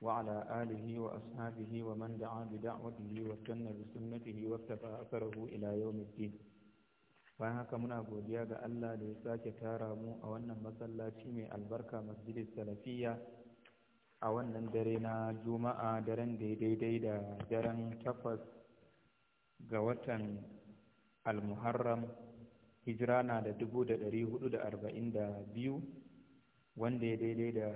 وعلى آله وأصحابه ومن دعا بدعوته واستنى بسنته واكتفى أثره إلى يوم الدين bayan haka muna godiya ga Allah da ya sake tara mu a wannan masallaci mai albarka masjidin salafiya a wannan dare na juma'a daren da ya da daren takwas ga watan almuharram hijira na da dubu da ɗari hudu da arba'in da biyu wanda ya daidai da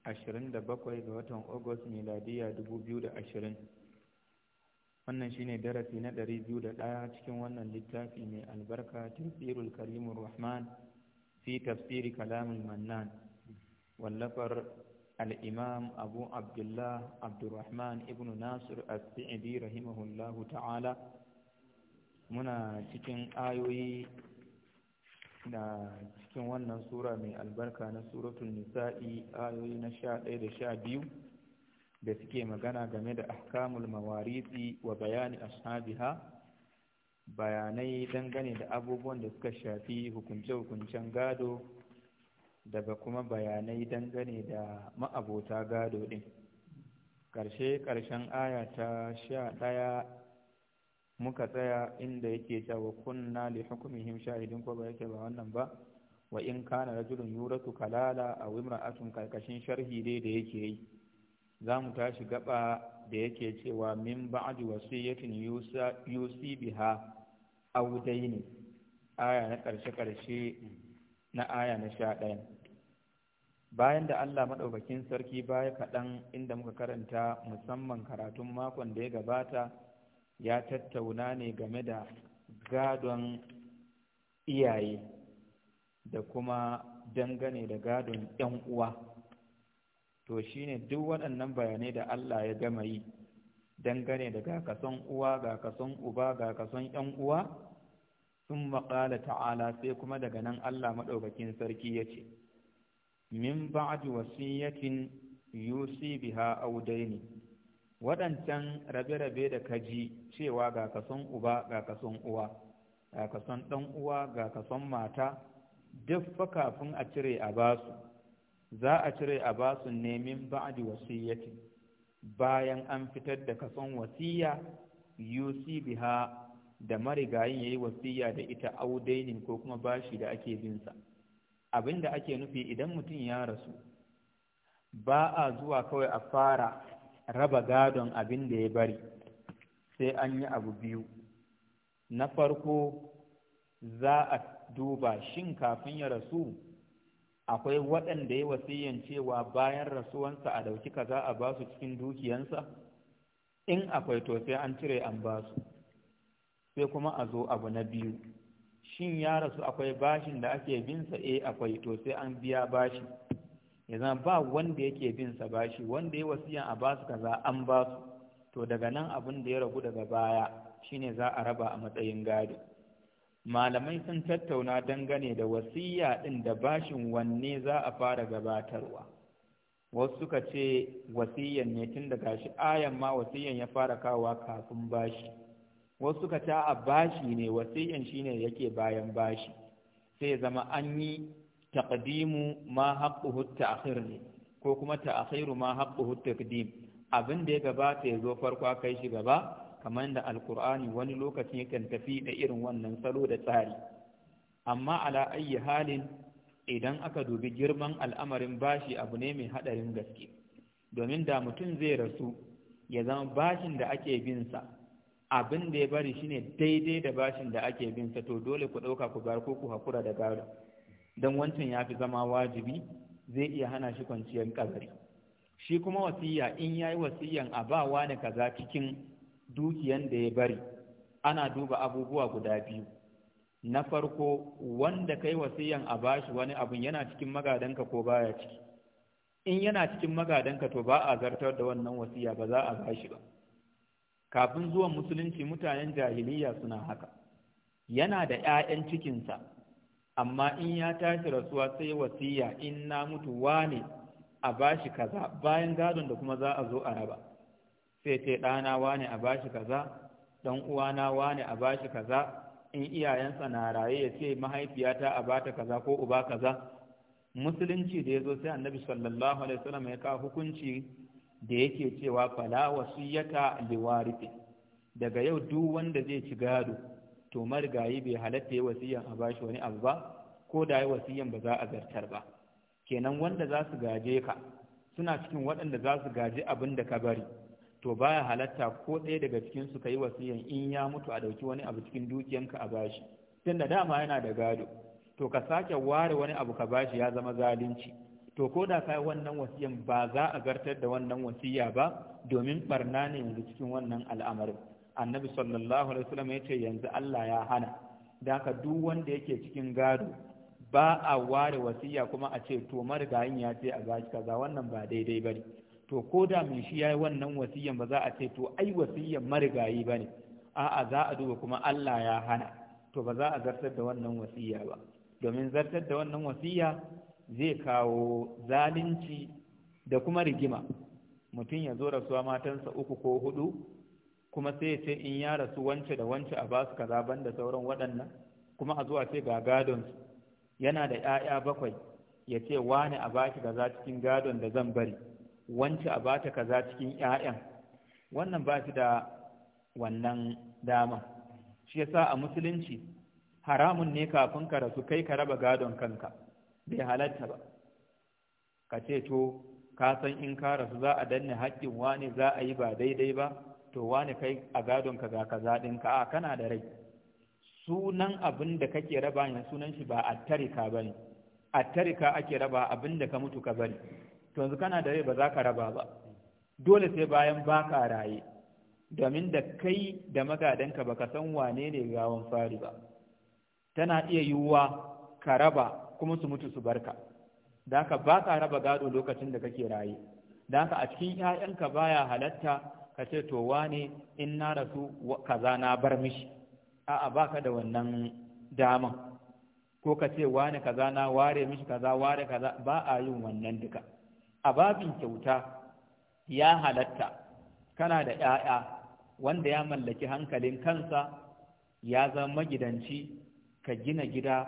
27 ga watan Agusta miladiya 2020 wannan shine darasi na 201 cikin wannan littafi mai albarka tafsirul karimur rahman fi tafsiri kalamul mannan wallafar al-imam abu abdullah abdurrahman ibn nasir as-sa'idi rahimahullahu ta'ala muna cikin ayoyi da cikin wannan sura mai albarka na suratul nisa'i ayoyi na sha ɗaya da sha biyu da suke magana game da ahkamul mawarisi wa bayani ashabiha bayanai dangane da abubuwan da suka shafi hukunce-hukuncen gado daga kuma bayanai dangane da ma'abota gado ɗin ƙarshe ƙarshen aya ta sha ɗaya muka tsaya inda yake cewa kunna li hukumihim shahidin ko ba yake ba wannan ba wa in kana rajulun yuratu kalala aw imra'atun karkashin sharhi dai da yake yi za mu tashi gaba da yake cewa min ba'di wasiyatin yusi biha aw dayni aya na karshe karshe na aya na sha bayan da Allah madaukakin sarki baya kaɗan inda muka karanta musamman karatun makon da ya gabata ya tattauna ne game da gadon iyaye da kuma dangane da gadon ‘yan uwa to shi ne duk waɗannan bayanai da Allah ya gama yi dangane da ga uwa ga kasan uba ga kasan ‘yan uwa sun maƙala ta'ala sai kuma daga nan Allah maɗaukakin sarki ya ce min ba'ad wasiyatin yusi biha audaini waɗancan rabe-rabe da kaji cewa ga uba ga uwa ga ɗan uwa gakason mata duk fa kafin a cire a basu za a cire a basu ne min ba'di wasiyyati bayan an fitar da kason wasiya yusi biha da marigayin yayi wasiya da ita audainin ko kuma bashi da ake bin sa abinda ake nufi idan mutum ya rasu ba a zuwa kawai a fara raba gadon abin da ya bari sai an yi abu biyu na farko za a duba shin kafin ya rasu akwai waɗanda ya wasiyan cewa bayan rasuwansa a ɗauki kaza a ba su cikin dukiyansa in akwai to sai an cire an ba su sai kuma a zo abu na biyu shin ya rasu akwai bashin da ake binsa eh akwai to sai an biya bashi ya zama ba wanda yake binsa bashi wanda ya wasiyan a ba su kaza an ba su to daga nan abin da ya ragu daga baya shine za a raba a matsayin gadi? malamai sun tattauna dangane da wasiya ɗin da bashin wanne za a fara gabatarwa wasu suka ce wasiyan ne tun da gashi ayan ma wasiyan ya fara kawowa kafin bashi wasu suka ce a bashi ne wasiyan shine yake bayan bashi sai zama an yi taqdimu ma haqquhu ta'khir ne ko kuma ta'khiru ma haqquhu taqdim abin da ya gabata ya zo farko kai shi gaba kamar da alkur'ani wani lokacin yake tafi da irin wannan salo da tsari amma ala ayi halin idan aka dubi girman al'amarin bashi abu ne mai haɗarin gaske domin da mutum zai rasu ya zama bashin da ake binsa abin da ya bari shine daidai da bashin da ake binsa to dole ku ɗauka ku bar ko ku haƙura da gado don wancan ya fi zama wajibi zai iya hana shi kwanciyar kabari shi kuma wasiya in yayi wasiyan a ba wani kaza cikin dukiyan da ya bari ana duba abubuwa guda biyu na farko wanda kai wasiyan a bashi wani abun yana cikin magadanka ko baya ciki in yana cikin magadanka to ba a zartar da wannan wasiya ba za a bashi ba kafin zuwan musulunci mutanen jahiliya suna haka yana da 'ya'yan cikinsa amma in ya tashi rasuwa sai wasiya in na mutu wane a bashi kaza bayan gadon da kuma za a zo a raba sai ce ɗana wane a bashi kaza ɗan uwana wane a bashi kaza in iyayensa na raye ya ce mahaifiyata a bata kaza ko uba kaza musulunci da ya zo sai annabi sallallahu alaihi wasallam ya kawo hukunci da yake cewa fala wasiyata liwarithi daga yau duk wanda zai ci gado to marigayi bai halatta ya wasiya a bashi wani abu ba ko da ya wasiyan ba za a zartar ba kenan wanda za su gaje ka suna cikin waɗanda za su gaje abin da ka bari to baya halatta ko ɗaya daga cikin su kai wasiyan in ya mutu a dauki wani abu cikin dukiyanka a bashi tunda dama yana da gado to ka sake ware wani abu ka bashi ya zama zalunci to ko da kai wannan wasiyan ba za a gartar da wannan wasiya ba domin barna ne yanzu cikin wannan al'amarin annabi sallallahu alaihi wasallam ya ce yanzu Allah ya hana da ka duk wanda yake cikin gado ba a ware wasiya kuma a ce to marigayin ya ce a bashi kaza wannan ba daidai bane to ko da mai shi ya yi wannan wasiyan ba za a ce to ai wasiyan marigayi ba ne. a'a za a duba kuma Allah ya hana to ba za a zartar da wannan wasiya ba domin zartar da wannan wasiya zai kawo zalunci da kuma rigima mutum ya zo rasuwa matansa uku ko hudu kuma sai ya ce in ya rasu wance da wance a basu kaza banda sauran waɗannan kuma a zuwa ce ga gadon yana da 'ya'ya bakwai ya ce wani a baki kaza cikin gadon da zan bari wance a ba ta kaza cikin 'ya'yan, wannan ba shi da wannan dama shi yasa a musulunci haramun ne kafin ka rasu kai ka raba gadon kanka bai halatta ba ka ce to ka san in ka rasu za a danne haƙƙin wani za a yi ba daidai ba to wani kai a gadon ka ga kaza ka a kana da rai sunan abin da kake raba ne sunan shi ba a attarika ba ne attarika ake raba abin da ka mutu ka bari to yanzu kana da rai ba za ka raba ba dole sai bayan ba ka raye domin da kai da magadanka baka san wane ne gawan fari ba tana iya yiwuwa ka raba kuma su mutu su barka da haka ba ka raba gado lokacin da kake raye da haka a cikin 'ya'yanka baya halatta ka ce to wane in na rasu kaza na bar mishi a'a ba ka da wannan daman ko ka ce wane kaza na ware mishi kaza ware kaza ba a yin wannan duka a babin kyauta ya halatta kana da ‘ya'ya wanda ya mallaki hankalin kansa ya zama magidanci ka gina gida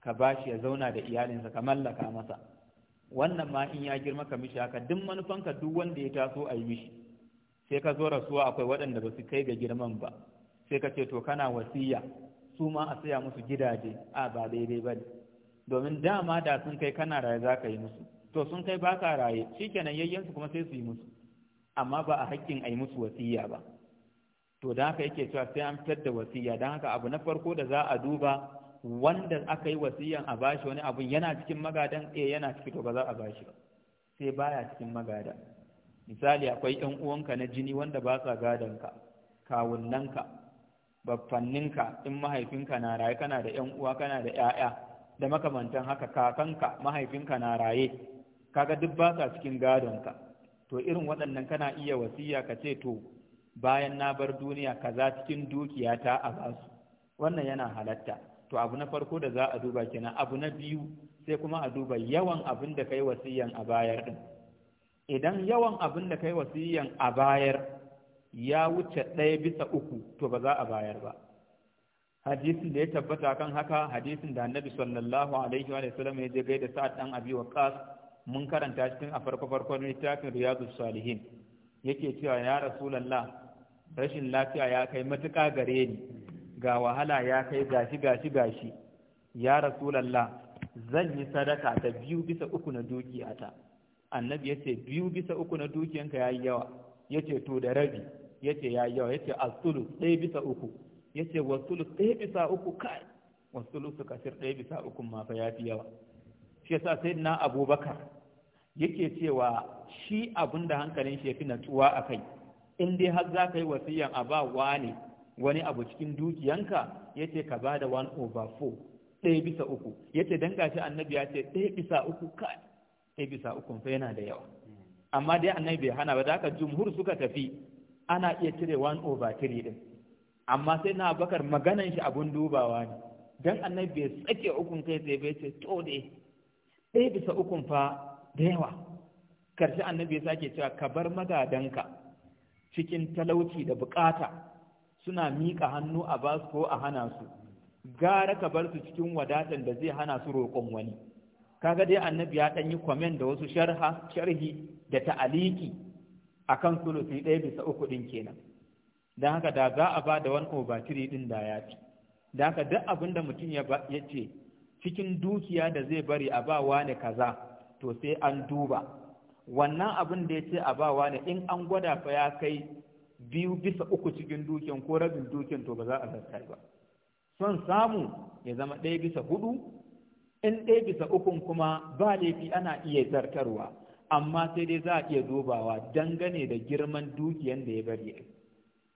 ka bashi ya zauna da iyalinsa ka mallaka masa wannan ma in ya girma ka mishi haka duk manufanka duk wanda ya taso a yi mishi sai ka zo rasuwa akwai waɗanda ba su kai ga girman ba sai ka ce to kana wasiya su ma a saya musu gidaje a ba daidai ba ne domin dama da sun kai kana da za ka yi musu to sun kai ba ka raye shikenan yayyansu kuma sai su yi musu amma ba a haƙƙin a yi musu wasiya ba to don haka yake cewa sai an fitar da wasiya don haka abu na farko da za a duba wanda aka yi wasiyan a bashi wani abun yana cikin magadan eh yana cikin to ba za a bashi ba sai baya cikin magada misali akwai ɗan uwanka na jini wanda ba sa ka kawunnanka baffanninka in mahaifinka na raye kana da ƴan uwa kana da ƴaƴa da makamantan haka kakanka mahaifinka na raye kaga duk ba sa cikin gadonka to irin waɗannan kana iya wasiya ka ce to bayan na bar duniya kaza cikin dukiyata a basu wannan yana halatta to abu na farko da za a duba kenan abu na biyu sai kuma a duba yawan abin da kai wasiyan a bayar din idan yawan abin da kai wasiyan a bayar ya wuce ɗaya bisa uku to ba za a bayar ba hadisin da ya tabbata kan haka hadisin da annabi sallallahu alaihi wa sallam ya je gaida sa'ad dan abi waqas mun karanta cikin a farko farkon littafin riyadu salihin yake cewa ya rasulallah rashin lafiya ya kai matuƙa gare ni ga wahala ya kai gashi gashi gashi ya rasulallah zan yi sadaka ta biyu bisa uku na dukiyata annabi ya ce biyu bisa uku na dukiyanka ya yi yawa ya ce to da rabi ya ce ya yi yawa ya ce asulu ɗaya bisa uku ya ce wasulu ɗaya bisa uku kai wasulu su kasir ɗaya bisa uku ma fa ya fi yawa shi yasa sai na abubakar yake cewa shi abin da hankalin shi ya fi natsuwa a kai in dai har za ka yi wasiyan a ba wani wani abu cikin dukiyanka ya ce ka ba da one over four ɗaya bisa uku ya ce don gashi annabi ya ce ɗaya bisa uku kai ɗaya bisa uku fa yana da yawa amma dai annabi bai hana ba da ka jumhur suka tafi ana iya cire one over three ɗin amma sai na bakar maganan shi abun dubawa ne Dan annabi bai tsake ukun kai sai bai ce to ɗaya ɗaya bisa ukun fa da yawa karshe annabi ya sake cewa ka bar magadanka cikin talauci da bukata suna miƙa hannu a ba su ko a hana su gara ka bar su cikin wadatan da zai hana su roƙon wani kaga dai annabi ya ɗan yi kwamen da wasu sharha sharhi da ta'aliki akan sulusi ɗaya bisa uku ɗin kenan don haka da za a ba da wani obatiri ɗin da ya fi da haka duk abin da mutum ya ce cikin dukiya da zai bari a ba wane kaza to sai an duba wannan abin da ya ce a bawa ne in an gwada fa ya kai biyu bisa uku cikin dukin ko rabin dukin to ba za a zartar ba son samu ya zama ɗaya bisa hudu in ɗaya bisa ukun kuma ba laifi ana iya zartarwa amma sai dai za a iya dubawa dangane da girman dukiyan da ya bari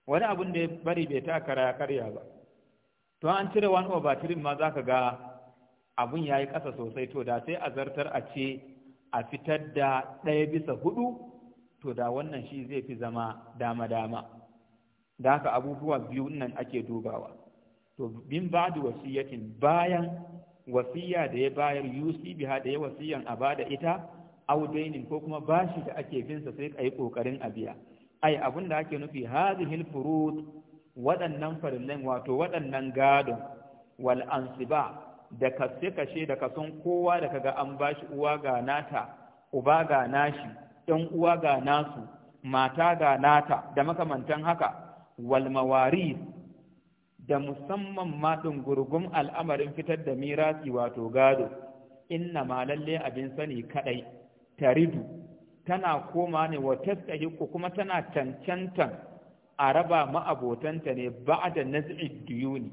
wani abin da ya bari bai ta kara karya ba to an cire wani over ma za ka ga abin ya yi ƙasa sosai to da sai a zartar a ce a fitar da ɗaya bisa huɗu, to da wannan shi zai fi zama dama-dama da haka abubuwa biyu nan ake dubawa to bin ba da wasiyyatin bayan wasiya da ya bayar yusi biya da ya wasiyyan a bada ita audainin ko kuma bashi da ake binsa sai a yi ƙoƙarin a biya ai abin da ake nufi hazihil furut waɗannan farillan wato waɗannan gadon wal ansiba da kashe-kashe da kasan kowa da kaga an bashi uwa ga nata uba ga nashi ɗan uwa ga nasu mata ga nata da makamantan haka walmawari da musamman ma gurgun al'amarin fitar da mirasi wato gado inna ma lalle abin sani kaɗai taridu tana koma ne wa tastahiku kuma tana cancantan a raba abotanta ne ba da nazi'id diyuni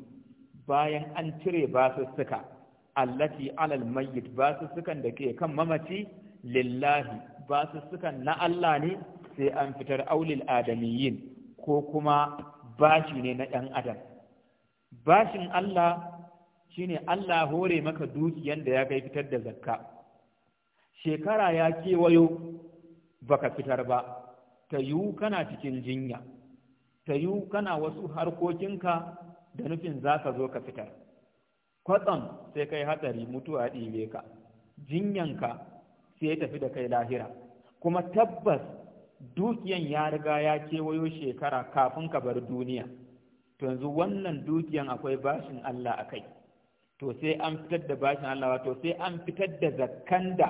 bayan an cire basussuka allati alal mayyit basussukan da ke kan mamaci lillahi basussukan na Allah ne sai an fitar aulil adamiyin ko kuma bashi ne na ɗan adam bashin Allah shine Allah hore maka dukiyan da ya kai fitar da zakka shekara ya kewayo baka fitar ba Tayu kana cikin jinya Tayu kana wasu harkokinka da nufin za ka zo ka fitar kwatsam sai kai hatsari mutuwa ɗibe ka jinyanka sai tafi da kai lahira kuma tabbas dukiyan ya riga ya kewayo shekara kafin ka bar duniya to yanzu wannan dukiyan akwai bashin Allah a kai to sai an fitar da bashin Allah to sai an fitar da zakkan da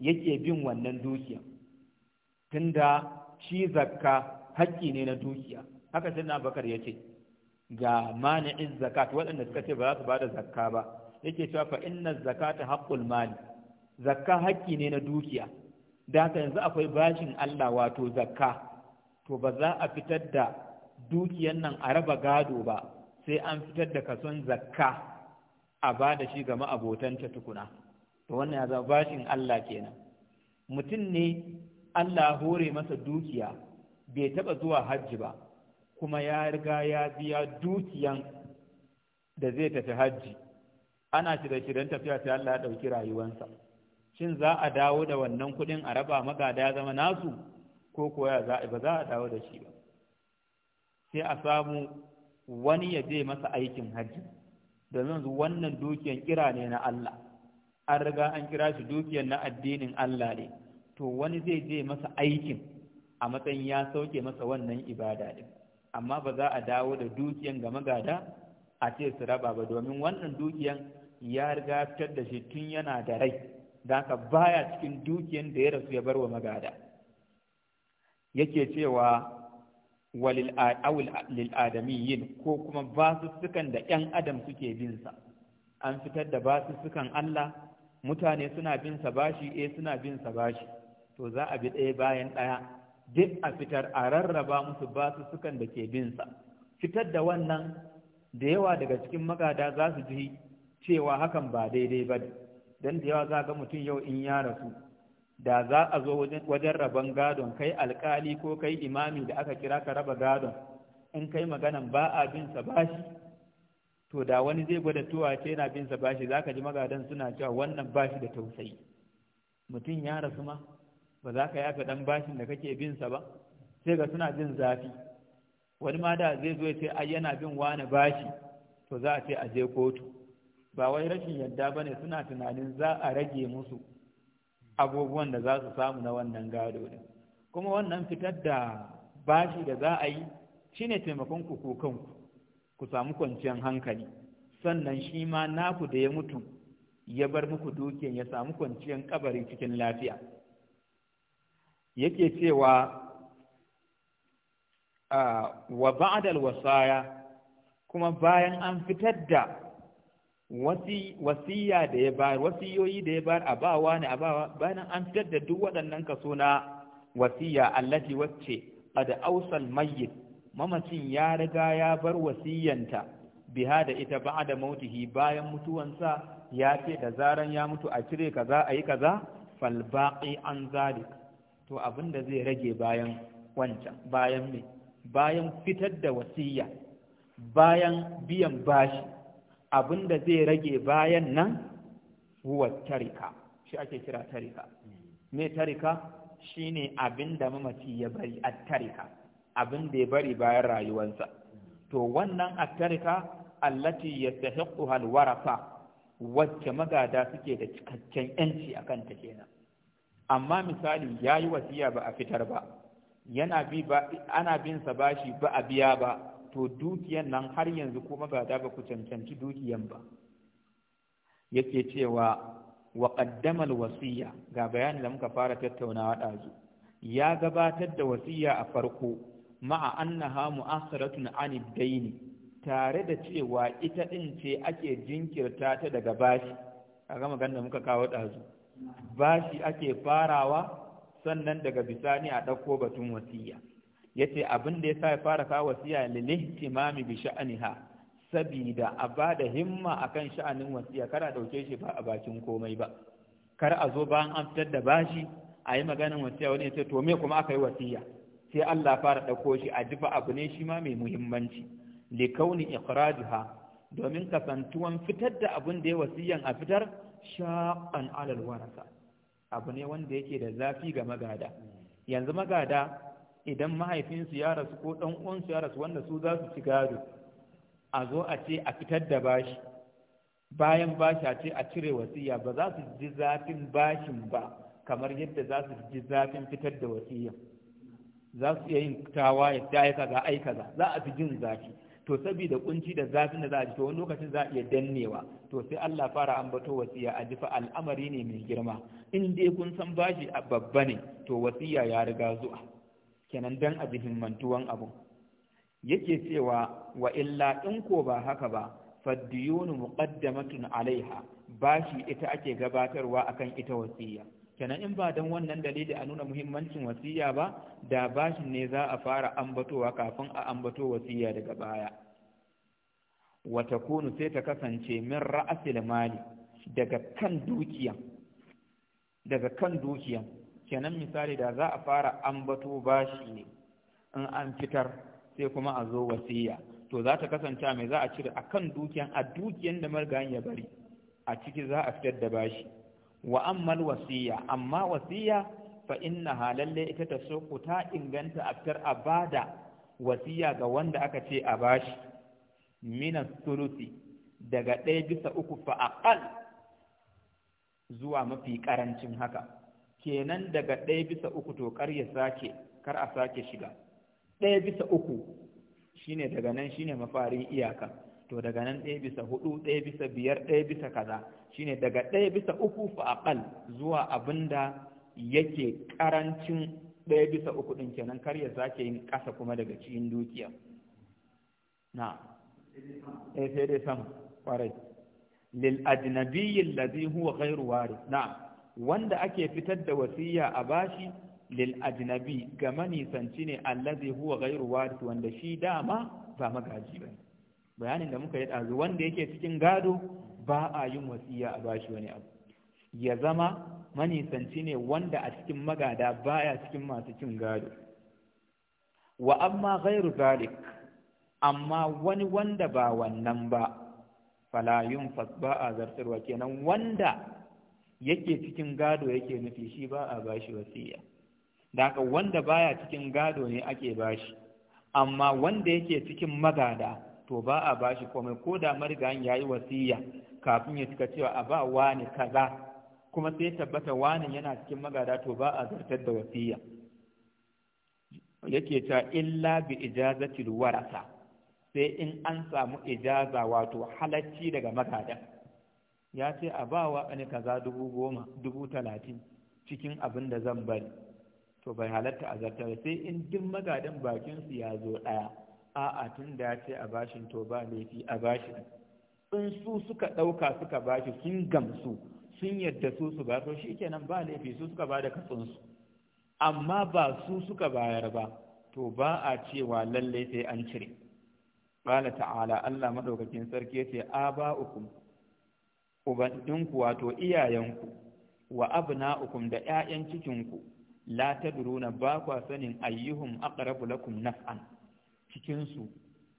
yake bin wannan dukiyan tunda shi zakka haƙƙi ne na dukiya haka sai na bakar ya ce ga mani'iz zakat waɗanda suka ce ba za su bada zakka ba yake cewa fa inna zakata haqqul mali zakka haƙƙi ne na dukiya da haka yanzu akwai bashin Allah wato zakka to ba za a fitar da dukiyan nan a raba gado ba sai an fitar da kason zakka a ba da shi ga ma'abotanta tukuna to wannan ya zama bashin Allah kenan mutum ne Allah hore masa dukiya bai taɓa zuwa hajji ba kuma ya riga ya biya dukiyan da zai tafi hajji ana shirye-shiryen tafiya sai Allah ya ɗauki rayuwansa shin za a dawo da wannan kuɗin a raba magada ya zama nasu ko kuwa za a ba za a dawo da shi ba sai a samu wani ya je masa aikin hajji domin wannan dukiyan kira ne na Allah an riga an kira shi dukiyan na addinin Allah ne to wani zai je masa aikin a matsayin ya sauke masa wannan ibada din amma ba za a dawo da dukiyan ga magada a ce su raba ba domin wannan dukiyan ya riga fitar da shi tun yana da rai da haka baya cikin dukiyan da ya rasu ya bar wa magada yake cewa walil adamiyyin ko kuma basussukan da 'yan adam suke bin sa, an fitar da basussukan Allah mutane suna bin sa bashi eh suna bin sa bashi to za a bi ɗaya bayan ɗaya duk a fitar a rarraba musu basu sukan da ke bin sa. fitar da wannan da yawa daga cikin magada za su ji cewa hakan ba daidai ba don da yawa za ga mutum yau in ya rasu da za a zo wajen rabon gadon kai alkali ko kai imami da aka kira ka raba gadon in kai maganan ba a binsa bashi to da wani zai gwada tuwa ce yana binsa bashi za ka ji magadan suna cewa wannan ba shi da tausayi mutum ya rasu ma ba za ka yafe ɗan bashin da kake bin sa ba sai ga suna bin zafi wani ma da zai zo ya ce ai yana bin wani bashi to za a ce a je kotu ba wai rashin yadda ba ne suna tunanin za a rage musu abubuwan da za su samu na wannan gado din kuma wannan fitar da bashi da za a yi shine taimakon ku ko kanku ku samu kwanciyar hankali sannan shi ma naku da ya mutu ya bar muku dukiyan ya samu kwanciyar kabari cikin lafiya yake cewa wa ba'dal wasaya kuma bayan an fitar da wasiya da ya bayar wasiyoyi da ya bayar a bawa ne a bawa bayan an fitar da duk waɗannan kaso na wasiya allati wacce kada, ausal mayyit mamacin ya riga ya bar wasiyanta biha da ita ba'da mautihi bayan mutuwansa ya ce da zaran ya mutu a cire kaza yi kaza fal baqi an zalik to abin da zai rage bayan wancan bayan mai, bayan fitar da wasiya bayan biyan bashi abin da zai rage bayan nan huwa tarika shi ake kira tarika me tarika shine abin da mamaci ya bari a tarika abin da ya bari bayan rayuwarsa to wannan a tarika allati yastahiqquha alwarasa wacce magada suke da cikakken yanci akan ta kenan amma misali ya yi wasiya ba a fitar ba yana bi ba ana bin sa bashi ba a biya ba to dukiyan nan har yanzu kuma ba da ba ku cancanci dukiyan ba yake cewa wa qaddama wasiya ga bayanin da muka fara tattaunawa ɗazu ya gabatar da wasiya a farko ma'a annaha mu'asaratun anid daini tare da cewa ita din ce ake jinkirta ta daga bashi a ga magana da muka kawo ɗazu bashi ake farawa sannan daga bisani a ɗauko batun wasiya yace abin da yasa ya fara kawo wasiya lilihtimami bi sha'aniha sabida a bada himma akan sha'anin wasiya kar a dauke shi ba a bakin komai ba kar a zo bayan an fitar da bashi a yi maganin wasiya wani ya ce to me kuma aka yi wasiya sai Allah fara ɗauko shi a jifa abu ne shi ma mai muhimmanci likauni Ikraduha, domin kasantuwan fitar da abun da ya wasiyan a fitar shaan alal warasa abu ne wanda yake da zafi ga magada yanzu magada idan mahaifinsu ya rasu ko ɗan uwansu ya rasu wanda su za su ci gado a zo a ce a fitar da bashi bayan bashi a ce a cire wasiya ba za su ji zafin bashin ba kamar yadda za su ji zafin fitar da wasiya za su iya yin tawa ya ta aika za aika za a fi jin zafi to saboda kunci da zafin da za a ji to wani lokacin za a iya dannewa to sai Allah fara ambato wasiya a jifa al'amari ne mai girma in dai kun san bashi a babba ne to wasiya ya riga zuwa kenan dan a himmantuwan abu yake cewa wa illa in ko ba haka ba fadiyunu muqaddamatun alaiha bashi ita ake gabatarwa akan ita wasiya kenan in ba don wannan dalili a nuna muhimmancin wasiya ba da bashin ne za a fara ambatowa kafin a ambato wasiya daga baya wata kunu sai ta kasance min ra'asil mali daga kan dukiya daga kan dukiya kenan misali da za a fara ambato bashi ne in an fitar sai kuma a zo wasiya to za ta kasance mai za a cire a kan dukiyan a dukiyan da margayin ya bari a ciki za a fitar da bashi wa ammal wasiya amma wasiya fa inna halalle ita ta so ku ta inganta aftar abada wasiya ga wanda aka ce a bashi minas suruti daga ɗaya bisa uku fa aqal zuwa mafi ƙarancin haka kenan daga ɗaya bisa uku to kar ya sake kar a sake shiga ɗaya bisa uku shine daga nan shine mafarin iyaka to daga nan ɗaya bisa hudu ɗaya bisa biyar ɗaya bisa kaza shine daga ɗaya bisa uku fa aqal zuwa abinda yake ƙarancin ɗaya bisa uku ɗin kenan karya za zake yin ƙasa kuma daga cikin dukiya na eh sai dai sama ƙwarai lil ajnabiyyin alladhi huwa ghairu warith na wanda ake fitar da wasiya a bashi lil ajnabi ga manisanci ne allazi huwa ghairu warith wanda shi dama ba magaji bane bayanin da muka yi ɗazu wanda yake cikin gado ba a yin wasiya a bashi wani abu ya zama manisanci ne wanda a cikin magada baya cikin masu cin gado wa amma ghairu zalik amma wani wanda ba wannan ba falayun fas ba a zartarwa kenan wanda yake cikin gado yake nufi shi ba a bashi wasiya da haka wanda baya cikin gado ne ake bashi amma wanda yake cikin magada to ba a bashi komai ko da marigayin yi wasiya kafin ya cika cewa a ba wani kaza kuma sai tabbata wani yana cikin magada to ba a zartar da wasiya yake ta illa bi ijazatil warasa sai in an samu ijaza wato halacci daga magada ya ce a ba wa ne kaza dubu goma dubu talatin cikin abin da zan bari to bai halatta a zartar sai in duk magadan bakinsu ya zo ɗaya a'a tun da ya ce a bashin to ba laifi a bashin in su suka ɗauka suka bashi sun gamsu sun yadda su su ba to shi nan ba laifi su suka ba da katsunsu amma ba su suka bayar ba to ba a cewa lallai sai an cire qala ta'ala Allah madaukakin sarki yace aba'ukum ubanninku wato iyayenku wa abna'ukum da 'ya'yan cikinku la tadruna ba kwa sanin ayyuhum aqrabu lakum naf'an cikin su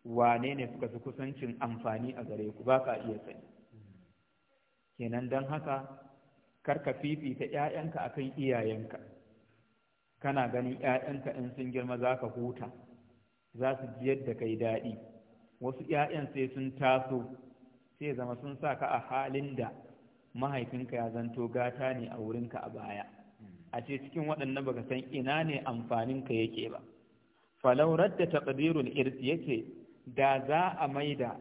wane ne suka fi kusancin amfani a gare ku ba ka iya sani kenan don haka kar ka fifita ‘ya'yanka a kan iyayenka kana ganin ‘ya'yanka in sun girma za ka huta za su ji yadda kai daɗi wasu ‘ya'yan sai sun taso sai zama sun sa ka a halin da mahaifinka ya zanto gata ne a wurinka a baya a ce cikin waɗannan baka san ina ne amfaninka yake ba falaurar da taƙadirun irsi yake da za a maida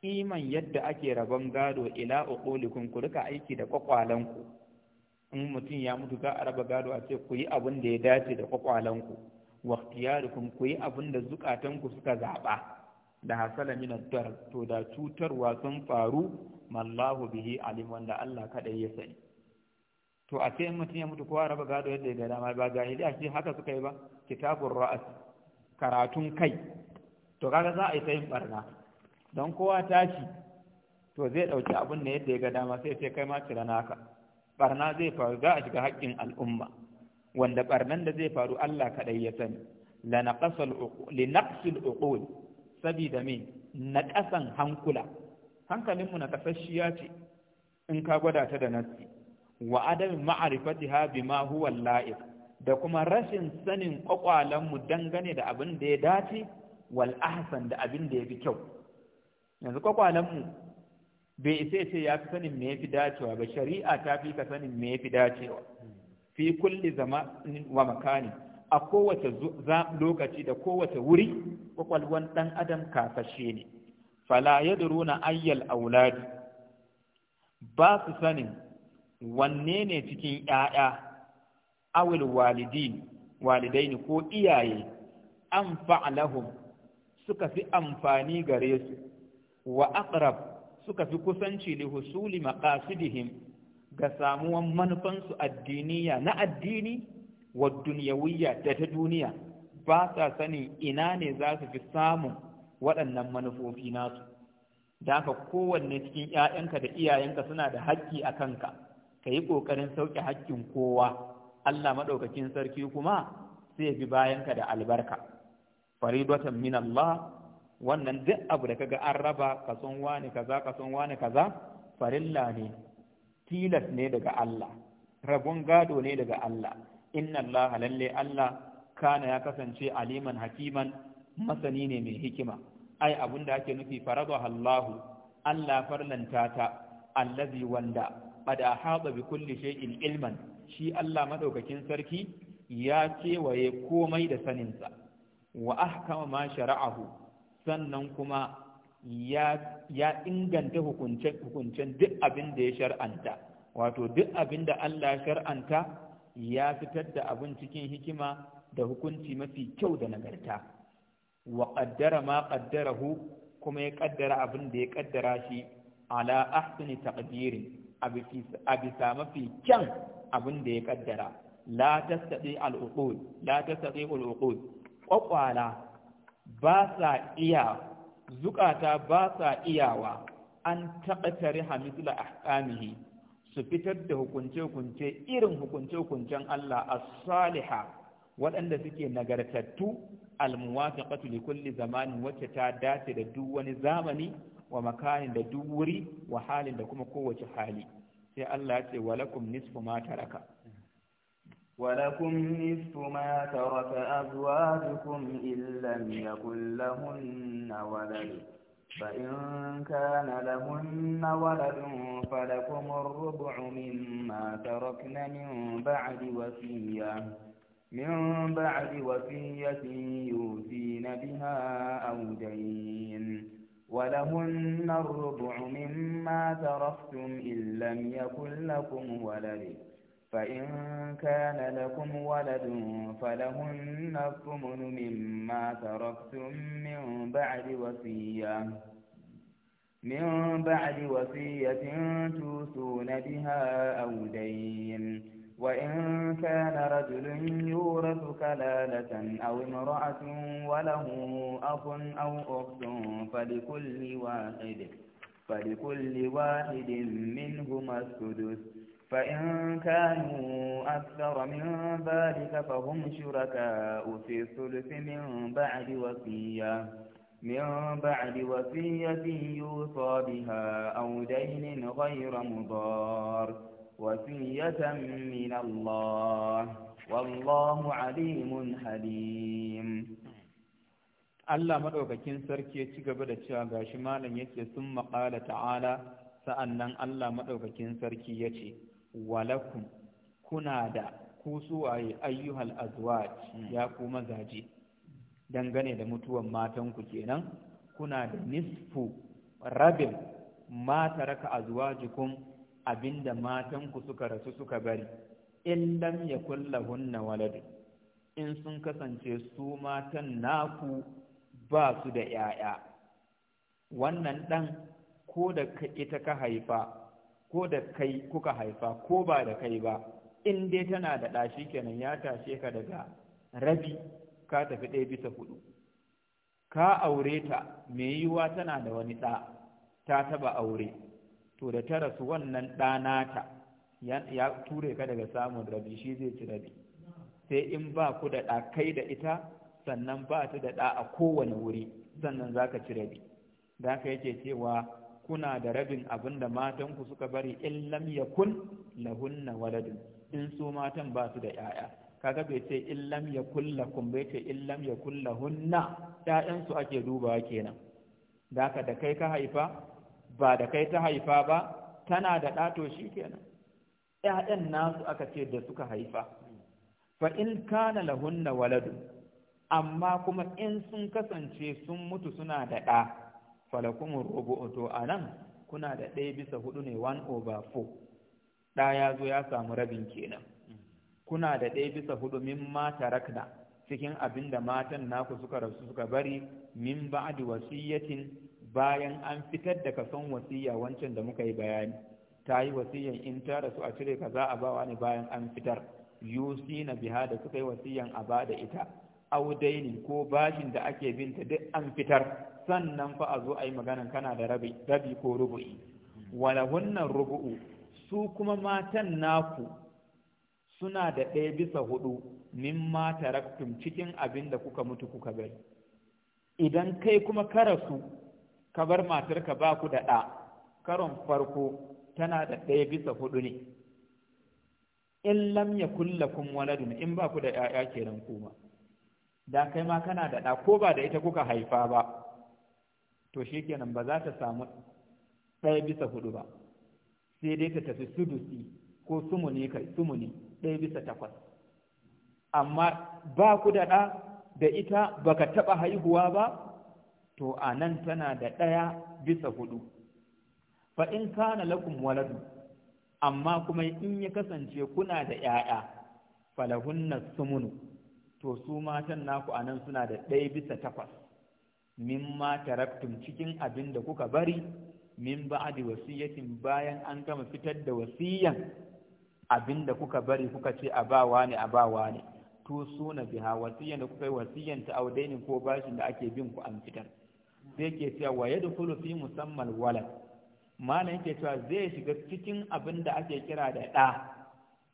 kiman yadda ake rabon gado ila uqulikum ku rika aiki da kwakwalanku in mutum ya mutu za a raba gado a ce ku yi abin da ya dace da kwakwalanku wa ikhtiyarikum ku yi abin da zukatanku suka zaba da hasala min ad to da cutarwa sun faru mallahu bihi alim wanda Allah kada ya sani to a ce mutum ya mutu kowa raba gado yadda ya ga dama ba jahiliya ce haka suka yi ba kitabur ra'as karatun kai to kaga za a yi sayin barna don kowa tashi to zai ɗauki abin da yadda ya ga dama sai sai kai ma cira naka barna zai faru za a shiga haƙƙin al'umma wanda barnan da zai faru Allah kaɗai ya sani linaqsul uqul sabida me naƙasan hankula hankalinmu na kasashiya ce in ka gwada ta da nassi wa adam bi ma huwa la'iq da kuma rashin sanin kwakwalanmu dangane da abin da ya dace wal ahsan da abin da ya fi kyau yanzu kwakwalenmu bai isa ce ya fi sanin me ya fi dacewa ba shari'a ta fi ka sanin me ya fi dacewa fi kulli zama wa makani a kowace lokaci da kowace wuri kwakwalwan ɗan adam kasashe ne fala yadruna ayyal auladi ba su sanin wanne ne cikin ‘ya'ya awil walidi walidaini ko iyaye an fa'alahum suka fi amfani gare su wa aqrab suka fi kusanci li husuli maqasidihim ga samuwan manufansu addiniya na addini wa dunyawiyya da ta duniya ba sa sanin ina ne za su fi samun waɗannan manufofi nasu da haka kowanne cikin ‘ya'yanka da iyayenka suna da haƙƙi a kanka ka yi ƙoƙarin sauƙe haƙƙin kowa Allah maɗaukakin sarki kuma sai bi bayanka da albarka faridatan min Allah wannan duk abu da kaga an raba kason wani kaza kason wani kaza farilla ne tilas ne daga Allah rabon gado ne daga Allah inna Allah lalle Allah kana ya kasance aliman hakiman masani ne mai hikima ai abun da ake nufi faradaha Allah Allah farlanta ta allazi wanda bada haɗa bi kulli shay'in ilman shi Allah madaukakin sarki ya kewaye komai da saninsa wa ahkama ma shara'ahu sannan kuma ya inganta hukuncen duk abin da ya shar'anta wato duk abin da Allah shar'anta ya fitar da abin cikin hikima da hukunci mafi kyau da nagarta wa qaddara ma qaddarahu kuma ya ƙaddara abin da ya ƙaddara shi ala ahsani taqdirin a bisa mafi kyan abin da ya ƙaddara la tastati al-uqud la al-uqud ƙwaƙwala ba sa iya zukata ba sa iyawa an taɓa taƙatare hamisla ahkamihi su fitar da hukunce-hukunce irin hukunce-hukuncen Allah a saliha waɗanda suke nagartattu almuwafaqatu li kulli zamanin wacce ta dace da duk wani zamani wa makanin da duk wuri wa halin da kuma kowace hali sai Allah ya ce wa walakum nisfu ma taraka ولكم نصف ما ترك أزواجكم إن لم يكن لهن ولد فإن كان لهن ولد فلكم الربع مما تركن من بعد وصية من بعد وصية يوصين بها أو دين ولهن الربع مما تركتم إن لم يكن لكم ولد فإن كان لكم ولد فلهن الثمن مما تركتم من بعد وصية من بعد وصية توصون بها أو دين وإن كان رجل يورث كلالة أو امرأة وله أخ أو أخت فلكل واحد فلكل واحد منهما السدس فإن كانوا أكثر من ذلك فهم شركاء في الثلث من بعد وفية من بعد وفية يوصى بها أو دين غير مضار وفية من الله والله عليم حليم الله مدعوك كنسر كي تقبل الشاقة شمالا يتي ثم قال تعالى سأنن الله مدعوك كنسر كي يتي walakum kuna da ku waye ayyuhal azwaj hmm. ya ku mazaje dangane da mutuwan matanku kenan kuna da nisfu rabin ma taraka azwajukum abinda matanku suka rasu suka bari in lam yakul lahunna walad in sun kasance su matan naku ba su da ‘ya'ya, wannan dan ko da ita ka haifa ko da kai kuka haifa ko ba da kai ba in dai tana da ɗashi kenan ya tashe ka daga rabi ka tafi ɗaya bisa hudu ka aure ta mai yiwuwa tana da wani ɗa ta taba aure to da ta rasu wannan ɗa nata ya ture ka daga samun rabi shi zai ci rabi sai in ba ku da ɗa kai da ita sannan ba ta da ɗa a kowane wuri sannan za ka ci rabi da ka yake cewa kuna da rabin abin da matanku suka bari in yakun lahunna waladun in su matan ba su da ‘ya'ya kaga bai ce in lam kun lakum bai ce in lam yakun lahunna ‘ya'yansu ake dubawa kenan da ka da kai ka haifa ba da kai ta haifa ba tana da ɗato shi kenan ‘ya'yan nasu aka ce da suka haifa fa in kana lahunna waladun amma kuma in sun kasance sun mutu suna da ɗa falakumur rubu'u to nan? kuna da ɗaya bisa hudu ne one over four ɗa ya zo ya samu rabin kenan kuna da ɗaya bisa hudu min mata rakna cikin abin da matan naku suka rasu suka bari min ba'di wasiyyatin bayan an fitar da kason wasiya wancan da muka yi bayani ta yi wasiyan in ta rasu a cire kaza a bawa ne bayan an fitar yusi na biha da suka yi wasiyan a ba da ita audaini ko bashin da ake binta duk an fitar sannan fa a zo a yi maganan kana da rabi rabi ko rubu'i wannan rubu'u su kuma matan naku suna da ɗaya bisa hudu mata taraktum cikin abin da kuka mutu kuka bari idan kai kuma karasu ka bar matarka ba ku da ɗa karon farko tana da ɗaya bisa hudu ne in lam yakun lakum waladun in ba ku da 'ya'ya kenan kuma da kai ma kana da ɗa ko ba da ita kuka haifa ba to kenan ba za ta samu ɗaya bisa hudu ba sai dai ta tafi sudusi ko sumuni kai sumuni ɗaya bisa takwas amma ba ku da ɗa da ita baka taɓa haihuwa ba to a nan tana da ɗaya bisa hudu fa in kana lakum waladu amma kuma in ya kasance kuna da ‘ya'ya falahunna sumunu to su matan naku a nan suna da ɗaya bisa takwas min ma taraktum cikin abin da kuka bari min ba'adi wasiyatin bayan an gama fitar da wasiyan abin da kuka bari kuka ce a bawa ne a wa ne to suna biha wasiyan da kuka yi wasiyan ta audainin ko bashin da ake bin ku an fitar sai ke cewa wa yadkhulu fi musamman walad malam yake cewa zai shiga cikin abin da ake kira da ɗa,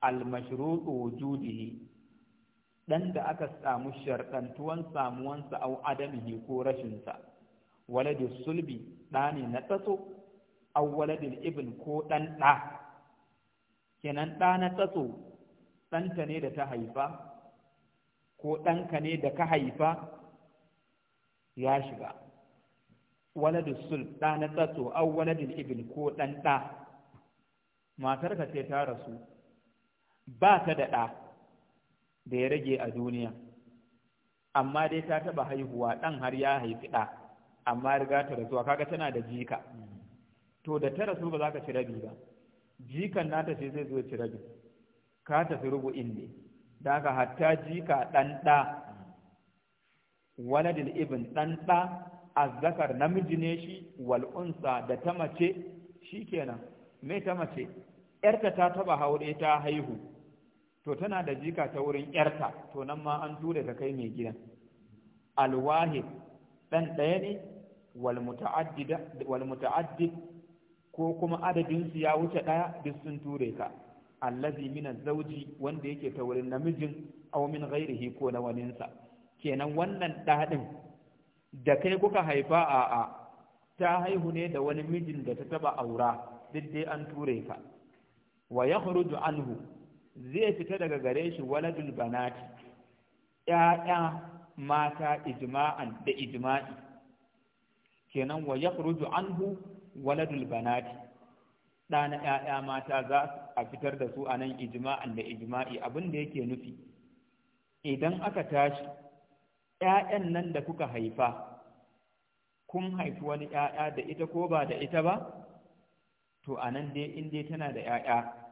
al mashruqu wujudihi ɗan da aka samu sharɗantuwan samuwansa au adamihi ko rashinsa waladin sulbi ɗa ne na tsatso au waladin ibn ko ɗan ɗa kenan ɗa na tsatso ɗanta ne da ta haifa ko ɗanka ne da ka haifa ya shiga waladin sulb ɗa na tsatso au waladin ibn ko ɗan ɗa matarka ce ta rasu ba ta da ɗa da ya rage a duniya amma dai ta taɓa haihuwa ɗan har ya haifi ɗa amma riga ta rasuwa kaga tana da jika to da ta rasu ba za ka ci rabi ba jikan nata sai zai zo ci rabi ka ta fi rubu ne da haka hatta jika dan da waladil ibn ɗan A azzakar namiji ne shi wal'unsa da ta mace shi kenan me ta mace ‘yarta ta taba haure ta haihu to tana da jika ta wurin yarta to nan ma an tura ta kai mai gidan alwahid dan ɗaya ne wal muta'addid ko kuma adadin su ya wuce ɗaya duk sun ture ka allazi min zauji wanda yake ta wurin namijin aw min ghairihi ko na waninsa kenan wannan ɗaɗin da kai kuka haifa a a ta haihu ne da wani mijin da ta taba aura duk dai an ture ka wa yakhruju anhu zai fita daga gare shi waladul banati Ya'ya mata ijma'an da ijma'i kenan wa yakhruju anhu waladul banati ɗana yaya mata za a fitar da su a nan ijma'an da ijma'i abin da yake nufi idan aka tashi ya'yan nan da kuka haifa kun haifi wani ya'ya da ita ko ba da ita ba to a nan dai in dai tana da ya'ya.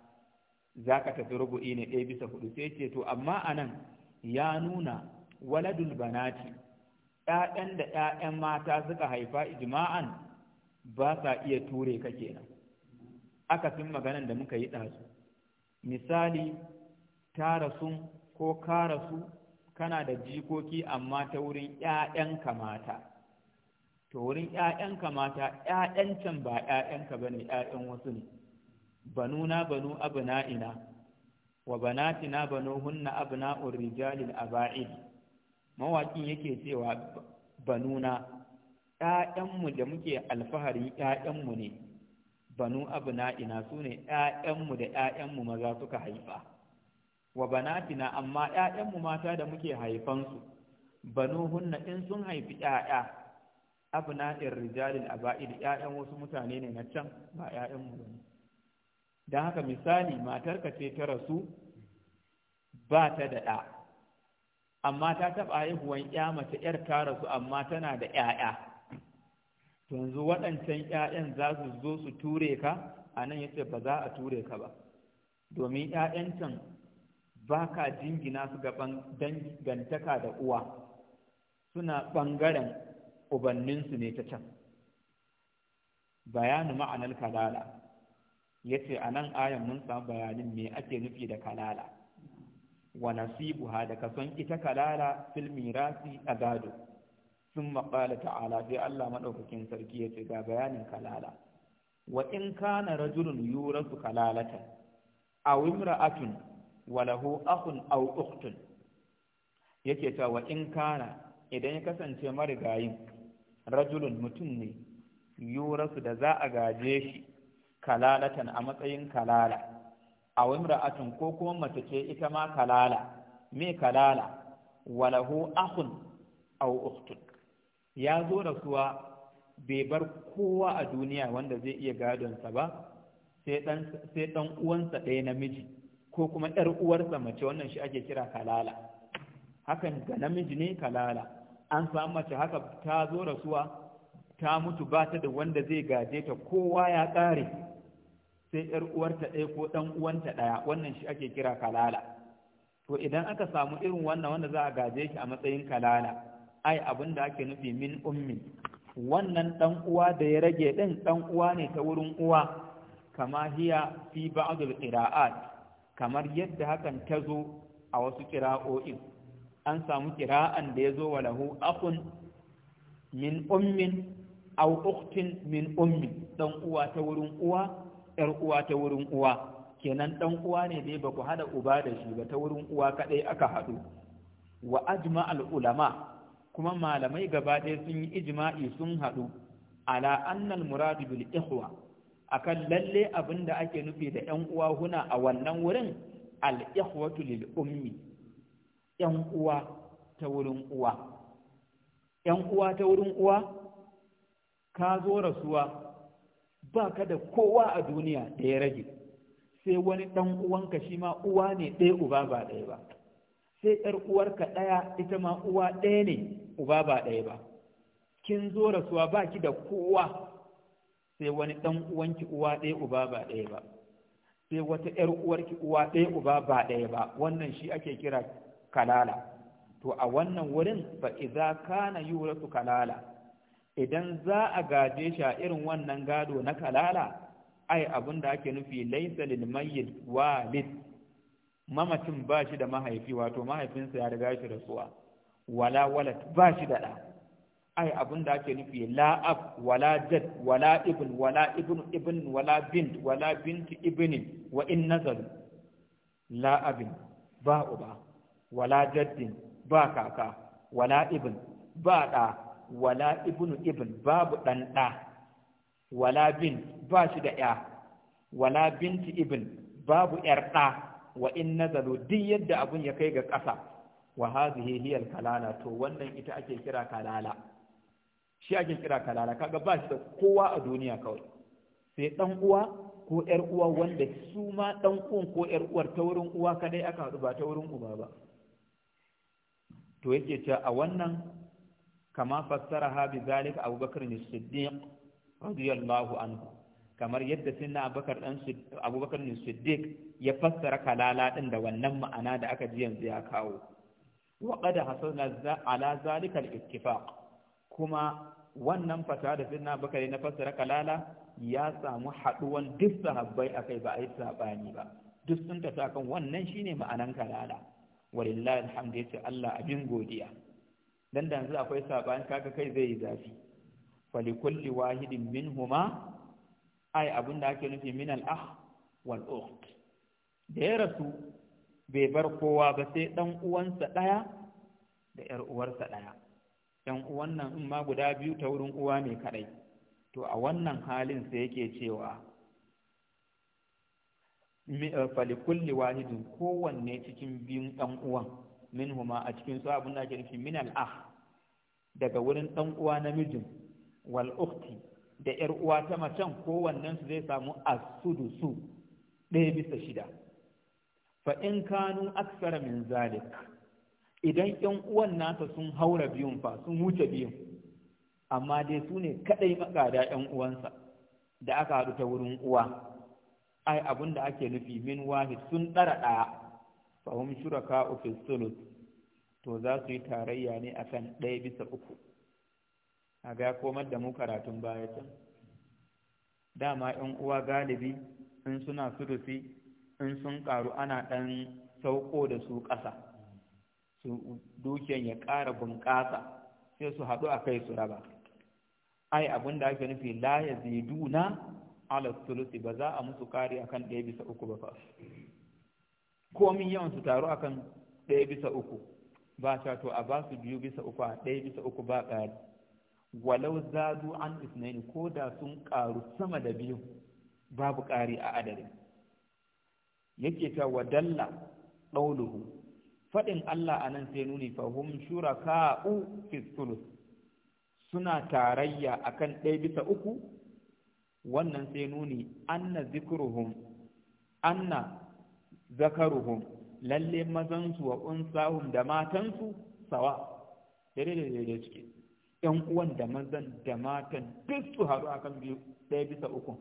za ka tafi rubu'i ne ɗaya bisa hudu sai ce to amma a nan ya nuna waladul banati ‘ya'yan da ‘ya'yan mata suka haifa ijma'an ba sa iya ture ka kenan fi maganan da muka yi ɗazu misali Tara sun ko Kara su kana da jikoki amma ta wurin ‘ya'yanka mata to wurin ‘ya'yanka mata can ba ‘ya'yanka ba ne ‘ya'yan wasu ne banuna banu abna'ina wa banatina banuhunna abna'ur rijalil aba'id mawaƙin yake cewa banuna ‘ya'yanmu da muke alfahari ‘ya'yanmu ne banu abna'ina su ne ‘ya'yanmu da ‘ya'yanmu maza suka haifa wa na amma ‘ya'yanmu mata da muke haifansu hunna in sun haifi ‘ya'ya abna'ir a aba'id ‘ya'yan wasu mutane ne na can ba ‘ya'yanmu ba ne don haka misali matarka ce ta rasu ba ta da ɗa amma ta taɓa haihuwan ya mace ‘yar ta rasu amma tana da ‘ya'ya yanzu waɗancan ‘ya'yan za su zo su ture ka a nan yace ba za a ture ka ba domin ‘ya'yancan ba ka jingina su ga dangantaka da uwa suna ɓangaren ubanninsu ne ta can bayanu ma'anar kalala ya ce a nan ayan mun samu bayanin me ake nufi da kalala wa ha da kason ita kalala fil mirasi a gado sun maƙala ta'ala sai Allah maɗaukakin sarki ya ce ga bayanin kalala wa in kana rajulun yurasu kalalatan aw imra'atun wa lahu akhun aw ukhtun yake ta wa in kana idan ya kasance marigayin rajulun mutum ne yurasu da za a gaje shi kalalatan a matsayin kalala a imra'atun ko kuma mace ce ita ma kalala me kalala walahu ahun, au uktun ya zo rasuwa bai bar kowa a duniya wanda zai iya gadonsa ba sai ɗan uwansa ɗaya namiji ko kuma ‘yar uwarsa mace wannan shi ake kira kalala hakan ga namiji ne kalala an samu mace haka ta zo rasuwa ta mutu ba ta da wanda zai gaje ta kowa ya tsare. sai ‘yar uwarta ɗaya ko ɗan uwanta ɗaya wannan shi ake kira kalala to idan aka samu irin wannan wanda za a gaje shi a matsayin kalala ai abin da ake nufi min ummi wannan ɗan uwa da ya rage ɗin ɗan uwa ne ta wurin uwa kama hiya fi ba'dul qira'at kamar yadda hakan ta zo a wasu qira'o'in an samu qira'an da ya zo wa lahu akhun min ummin aw ukhtin min ummi ɗan uwa ta wurin uwa 'yar uwa ta wurin uwa kenan ɗan uwa ne dai ba ku hada uba da shi ba ta wurin uwa kaɗai aka haɗu. wa ajma al ulama kuma malamai gaba ɗaya sun yi ijma'i sun haɗu ala annal muradu bil ikhwa akan lalle abin da ake nufi da 'yan uwa huna a wannan wurin al ikhwatu lil ummi ƴan uwa ta wurin uwa ƴan uwa ta wurin uwa ka zo rasuwa ba ka da kowa a duniya da ya rage sai wani ɗan uwanka shi ma uwa ne ɗaya uba ba ɗaya ba sai ‘yar uwarka ɗaya ita ma uwa ɗaya ne uba ba ɗaya ba kin zo rasuwa ba ki da kowa sai wani ɗan uwanki uwa ɗaya uba ba ɗaya ba sai wata ‘yar uwarki uwa ɗaya uba ba ɗaya ba wannan shi ake kira kalala to a wannan wurin fa idza kana yuratu kalala idan za a gaje shi a irin wannan gado na kalala ai abin da ake nufi laisa lil mayyit walid mamacin ba shi da mahaifi wato mahaifinsa ya riga shi rasuwa wala walad ba shi da ɗa ai abin da ake nufi la ab wala jad wala ibn wala ibn ibn wala bint wala bint ibn wa in nazal la abin ba uba wala jaddin ba kaka wala ibn ba ɗa wala ibnu ibn babu ɗan ɗa wala bin ba shi da ya wala binti ibn babu ‘yar ɗa wa in nazalu duk yadda abun ya kai ga kasa wa hazihi hiyal kalala to wannan ita ake kira kalala shi ake kira kalala kaga ba shi da kowa a duniya kawai sai ɗan uwa ko ‘yar uwa wanda su ma ɗan uwan ko ‘yar uwar ta uwa kadai aka haɗu ba ta wurin uba ba to yake cewa a wannan kama fassara bi zalika abubakar as-siddiq radiyallahu anhu kamar yadda sunna abubakar dan abubakar as-siddiq ya fassara kalala ɗin da wannan ma'ana da aka ji yanzu ya kawo wa qad hasalna zalika al-ittifaq kuma wannan fata da sunna abubakar na fassara kalala ya samu haɗuwan duk sahabbai akai ba a yi saɓani ba duk sun tafi akan wannan shine ma'anan kalala walillahi alhamdu yace Allah abin godiya dan da yanzu akwai saɓani kaga kai zai yi zafi fali kulli wahidin min huma ai da ake nufi min al'ah wal ukht da ya rasu bai bar kowa ba sai dan uwansa ɗaya da ‘yar uwarsa ɗaya ‘yan uwan nan in ma guda biyu ta wurin uwa ne kaɗai to a wannan halin sai yake cewa eh, kulli wahidin kowanne cikin biyun ɗan uwan minhuma a cikin su abin da ake nufi min al'ah. daga wurin ɗan uwa namijin wal ukhti da yar uwa ta macen wannan su zai samu asudu su ɗaya bisa shida fa in kanu aksara min zalik idan yan uwan nasa sun haura biyun fa sun wuce biyun amma dai su ne kadai makada yan uwansa da aka haɗu ta wurin uwa ai abin da ake nufi min wahid sun ɗara ɗaya fahim shuraka ofis sulus to za su yi tarayya ne akan ɗaya bisa uku a ga komar da mu karatun baya can dama in uwa galibi in suna sudusi in sun karu ana ɗan sauko da su ƙasa su dukiyan ya ƙara bunƙasa sai su haɗu a kai su raba ai abin da ake nufi la ya ziduna ala sulusi ba za a musu kari akan ɗaya bisa uku ba fa komin yawan su taru akan ɗaya bisa uku ba ta to a ba su biyu bisa uku a ɗaya bisa uku ba ƙari walau zadu an isnaini ko da sun ƙaru sama da biyu babu ƙari a adadin yake ta wadalla ɗauluhu faɗin Allah a nan sai nuni fahim ka'u fi suna tarayya akan ɗaya bisa uku wannan sai nuni anna zikruhum anna zakaruhum lalle mazansu wa unsahum da matansu sawa daidai da daidai suke yan uwan da mazan da matan duk su haru akan biyu ɗaya bisa uku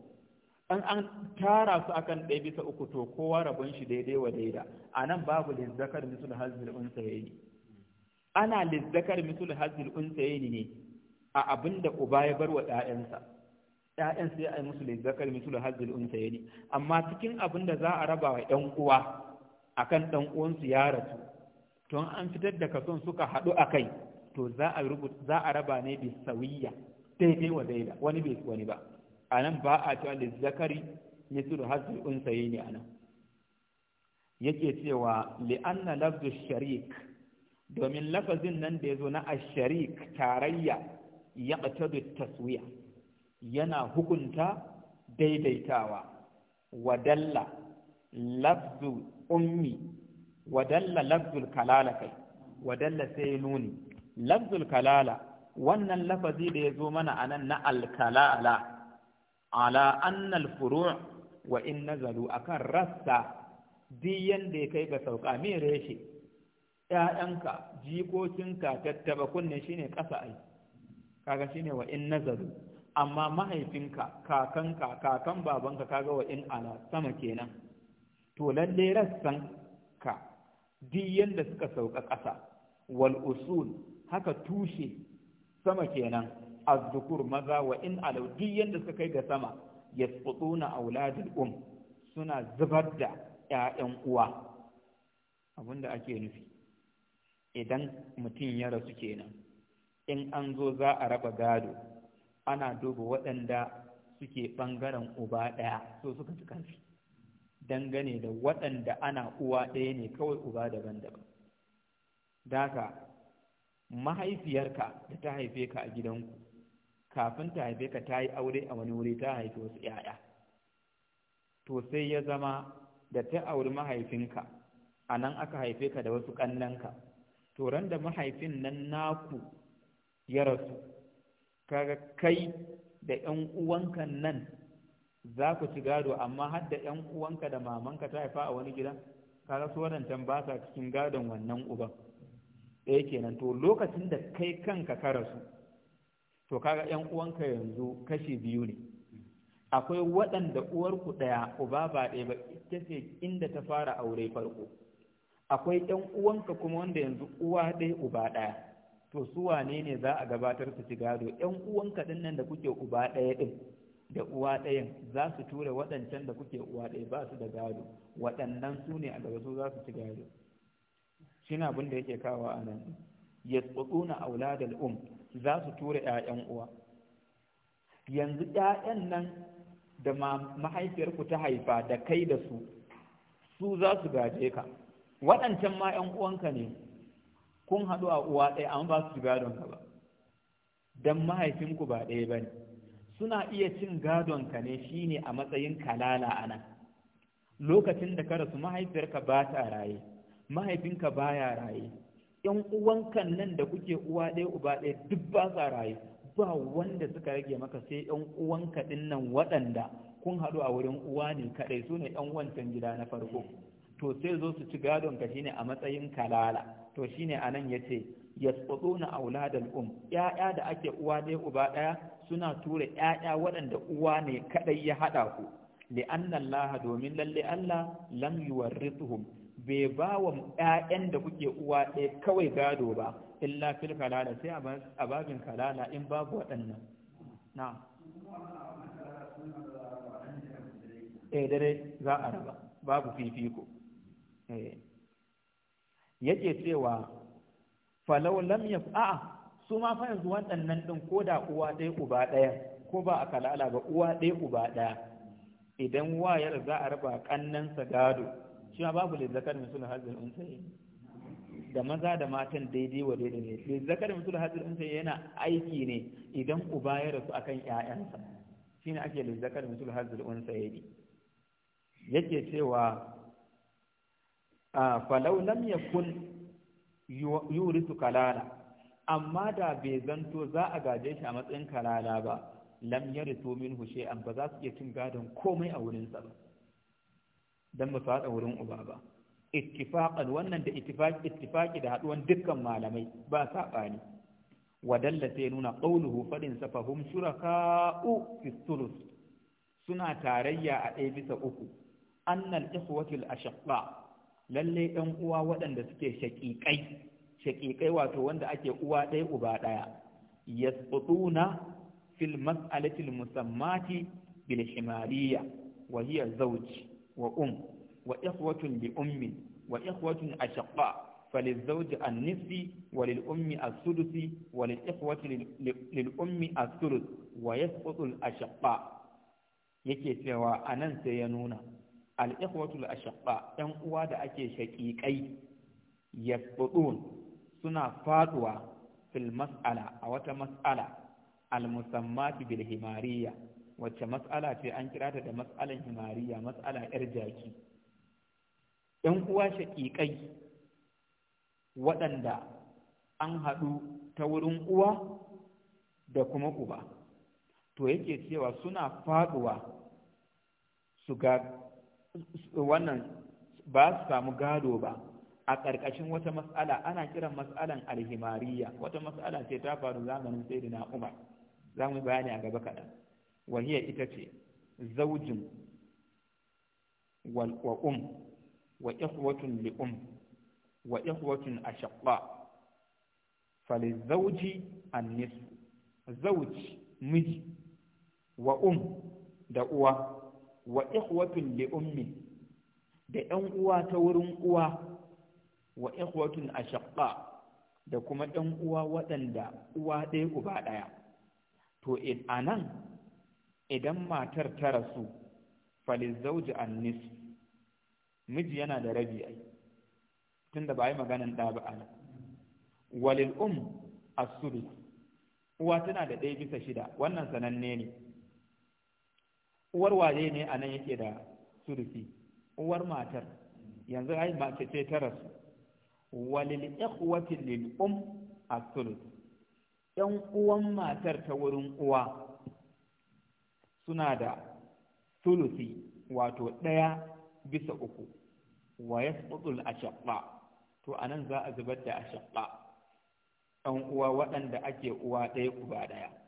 an an tara su akan ɗaya bisa uku to kowa rabon shi daidai wa daida a nan babu lizzakar misul hazil unsayeni ana lizzakar misul hazil unsayeni ne a abin da uba ya bar wa ɗayansa ‘ya'yan sai a yi musu da mitul hazil unta yani amma cikin abin da za a raba wa ‘yan uwa a kan ɗan uwansu ya rasu to an fitar da kason suka haɗu a kai to za a za a raba ne bi sauyiya daidai wa daida wani bai wani ba a nan ba a cewa da mitul hazil unta yani a nan yake cewa li'anna lafzu sharik domin lafazin nan da ya zo na asharik tarayya ya taswiya yana hukunta daidaitawa wadalla lafzul ummi wadalla lafzul kalala kai wadalla sai nuni lafzul kalala wannan lafazi da ya zo mana a nan na alkalala ala annal furu' wa in nazalu akan rassa duk yanda ya kai ga sauka me reshe ‘ya'yanka jikokinka tattaba kunne shine ƙasa ai kaga shine wa in nazalu amma mahaifinka kakanka kakan babanka kaga wa in ala sama kenan to lalle rassan ka duk yanda suka sauka ƙasa wal usul haka tushe sama kenan azzukur maza wa in ala duk yanda suka kai ga sama yasqutuna auladul um suna zubar da ƴaƴan uwa abinda ake nufi idan mutum ya rasu kenan in an zo za a raba gado ana duba waɗanda suke ɓangaren uba ɗaya so suka fi ƙarfi dangane da waɗanda ana uwa ɗaya ne kawai uba daban-daban daka mahaifiyarka da ta haife ka a gidanku kafin ta haife ka ta yi aure a wani wuri ta haifi wasu 'ya'ya to sai ya zama da ta auri mahaifinka a nan aka haife ka da wasu ƙannanka to ran da mahaifin nan naku ya rasu kaga kai da 'yan uwanka nan za ku ci gado amma har da ƴan uwanka da mamanka ta haifa a wani gida kaga su waɗancan ba sa cikin gadon wannan uban ɗaya kenan to lokacin da kai kanka ka rasu to kaga 'yan uwanka yanzu kashi biyu ne akwai waɗanda uwarku ɗaya uba ba ɗaya ba ita ce inda ta fara aure farko akwai ƴan uwanka kuma wanda yanzu uwa ɗaya uba ɗaya to su wane ne za a gabatar su ci gado ƴan uwanka din nan da kuke uba ɗaya ɗin da uwa ɗayan za su tura waɗancan da kuke uwa ɗaya ba su da gado waɗannan su ne a gaba su za su ci gado na abin da yake kawo a nan yasqutuna auladal um za su tura ƴaƴan uwa yanzu ƴaƴan nan da mahaifiyarku ta haifa da kai da su su za su gaje ka waɗancan ma ƴan uwanka ne kun haɗu a uwa ɗaya an ba su gadon ka ba don mahaifinku ba ɗaya ba ne suna iya cin gadon ka ne shine a matsayin kalala a nan lokacin da ka rasu mahaifiyarka ba ta raye mahaifinka ya raye ‘yan uwankan nan da kuke uwa ɗaya uba ɗaya duk ba sa raye ba wanda suka rage maka sai ‘yan uwanka ɗin nan waɗanda kun haɗu a wurin uwa ne kaɗai su ne ‘yan wancan gida na farko to sai zo su ci gadon ka shine a matsayin kalala to shine anan yace yasquduna auladal um ya'ya da ake uwa ɗaya uba ɗaya suna tura ya'ya waɗanda uwa ne kadai ya haɗa ku li'anna laha domin lalle Allah lam yuwarrithuhum bai ba wa ƴaƴan da kuke uwa ɗaya kawai gado ba illa fil kalala sai a babin kalala in babu waɗannan na eh dare za a raba babu fifiko eh yake cewa falau lam yaf a'a su ma fa yanzu waɗannan ɗin ko da uwa ɗaya uba ɗaya ko ba a kalala ba uwa ɗaya uba ɗaya idan wayar za a raba ƙannansa gado shi ma babu lizzakar misul hazin unsayi da maza da matan daidai wa daidai ne lizzakar misul hazin unsayi yana aiki ne idan uba ya rasu akan ƴaƴansa shine ake lizzakar misul hazin unsayi yake cewa Ah, falau lam yakun yurisu kalala amma da bai zanto za a gaje shi a matsayin kalala ba lam min minhu shay'an ba za su iya cin gadon komai a wurinsa ba dan ba su haɗa wurin uba ba ittifaqan wannan da ittifaqi ittifaqi da haduwan dukkan malamai ba sabani wadalla sai nuna qauluhu fadin sa fahum shuraka'u fi suna tarayya a ɗaya bisa uku annal ikhwatul ashaqqa lalle ɗan uwa waɗanda suke shaƙiƙai shaƙiƙai wato wanda ake uwa ɗaya uba ɗaya yasqutuna fil mas'alatil musammati bil himariya wa hiya zawj wa um wa ikhwatun li ummi wa ikhwatun ashaqqa فللزوج النصف وللأم السدس وللإخوة للأم الثلث ويسقط الأشقاء yake cewa a nan sai ya nuna al’ikwatul a ashaqqa ɗan uwa da ake shaƙiƙai yasbudun suna faɗuwa fil mas'ala a wata mas'ala al-musammati bil himariya wacce mas'ala ce an kira ta da mas'alan himariya mas'ala yar jaki yan uwa shaƙiƙai waɗanda an haɗu ta wurin uwa da kuma uba to yake cewa suna faɗuwa su ga wannan ba su samu gado ba a ƙarƙashin wata mas'ala ana kiran mas'alan alhimariya wata mas'ala ce ta faru zamanin sai da Umar za mu bayani a gaba kaɗan wahiya ita ce zaujin wa um wa ikhwatun li um wa ikhwatun ashaqqa zauji an-nisfu miji wa um da uwa wa ikhwatun li ummi da ɗan uwa ta wurin uwa wa ikhwatun ashaqqa da kuma ɗan uwa waɗanda uwa ɗaya uba ɗaya to a nan idan matar ta rasu falizzauji annis miji yana da rabi ai tunda ba yi maganan ɗa ba ana walil um asudu uwa tana da ɗaya bisa shida wannan sananne ne uwar waye ne a nan yake da surufi uwar matar yanzu ai mace ce ta rasu walil ikhwati lil um as-sulus yan uwan matar ta wurin uwa suna da sulusi wato ɗaya bisa uku wa yasqutul ashaqqa to anan za a zubar da ashaqqa ɗan uwa waɗanda ake uwa ɗaya uba ɗaya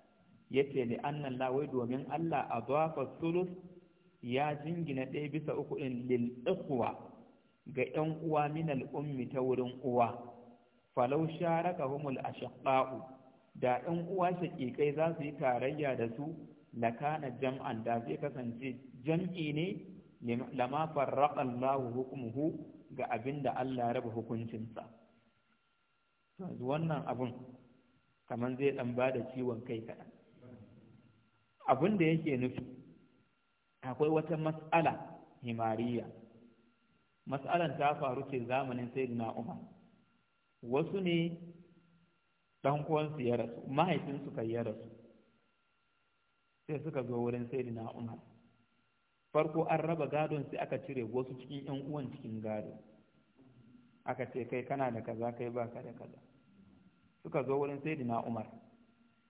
yace li anna wai domin Allah adafa sulus ya jingina ɗaya bisa uku ɗin lil ga 'yan uwa min al ta wurin uwa falau a ashaqqa'u da 'yan uwa shaƙiƙai za su yi tarayya da su lakana jam'an da zai kasance jam'i ne lama farraqa Allahu hukmuhu ga abinda Allah ya raba hukuncinsa wannan abun kamar zai dan bada ciwon kai kaɗan abin da yake nufi akwai wata mas'ala himariya mas'alan ta faru ce zamanin sayyidina umar wasu ne dan uwansu ya rasu mahaifinsu kai ya rasu sai suka zo wurin sayyidina umar farko an raba gadon sai aka cire wasu cikin yan uwan cikin gado aka ce kai kana da kaza kai baka da kaza suka zo wurin sayyidina umar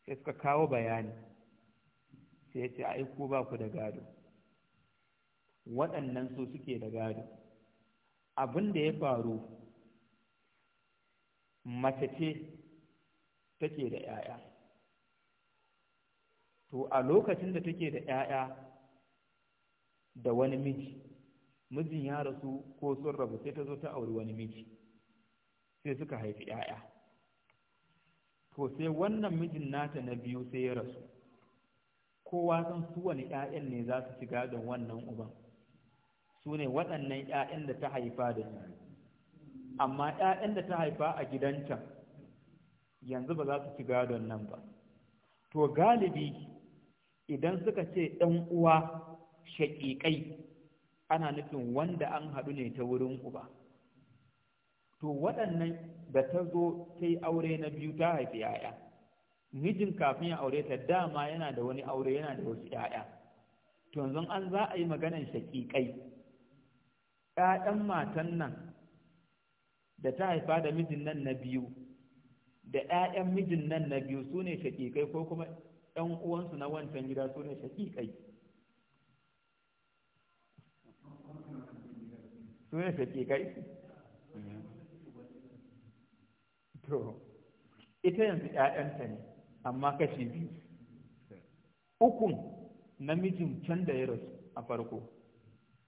sai suka kawo bayani sai ya ce ai ko ba ku da gado waɗannan su suke da gado abin da ya faru mace ce take da 'ya'ya to a lokacin da take da 'ya'ya da wani miji mijin ya rasu ko sun rabu sai ta zo ta auri wani miji sai suka haifi 'ya'ya to sai wannan mijin nata na biyu sai ya rasu kowa san su wani ‘ya'yan ne za su ci gadon wannan uban su ne waɗannan ‘ya'yan da ta haifa da su amma ‘ya'yan da ta haifa a gidanta yanzu ba za su ci gadon nan ba to galibi idan suka ce ɗan uwa shaƙiƙai ana nufin wanda an haɗu ne ta wurin uba to waɗannan da ta zo ta yi aure na biyu ta haifi ‘ya'ya mijin kafin ya aure ta dama yana da wani aure yana da wasu ƴaƴa to yanzu an za a yi maganan shaƙiƙai ƴaƴan matan nan da ta haifa da mijin nan na biyu da ƴaƴan mijin nan na biyu su ne shaƙiƙai ko kuma ƴan uwansu na wancan gida su ne shaƙiƙai su ne shaƙiƙai to ita yanzu ƴaƴanta ne amma kashi biyu ukun namijin can da ya rasu a farko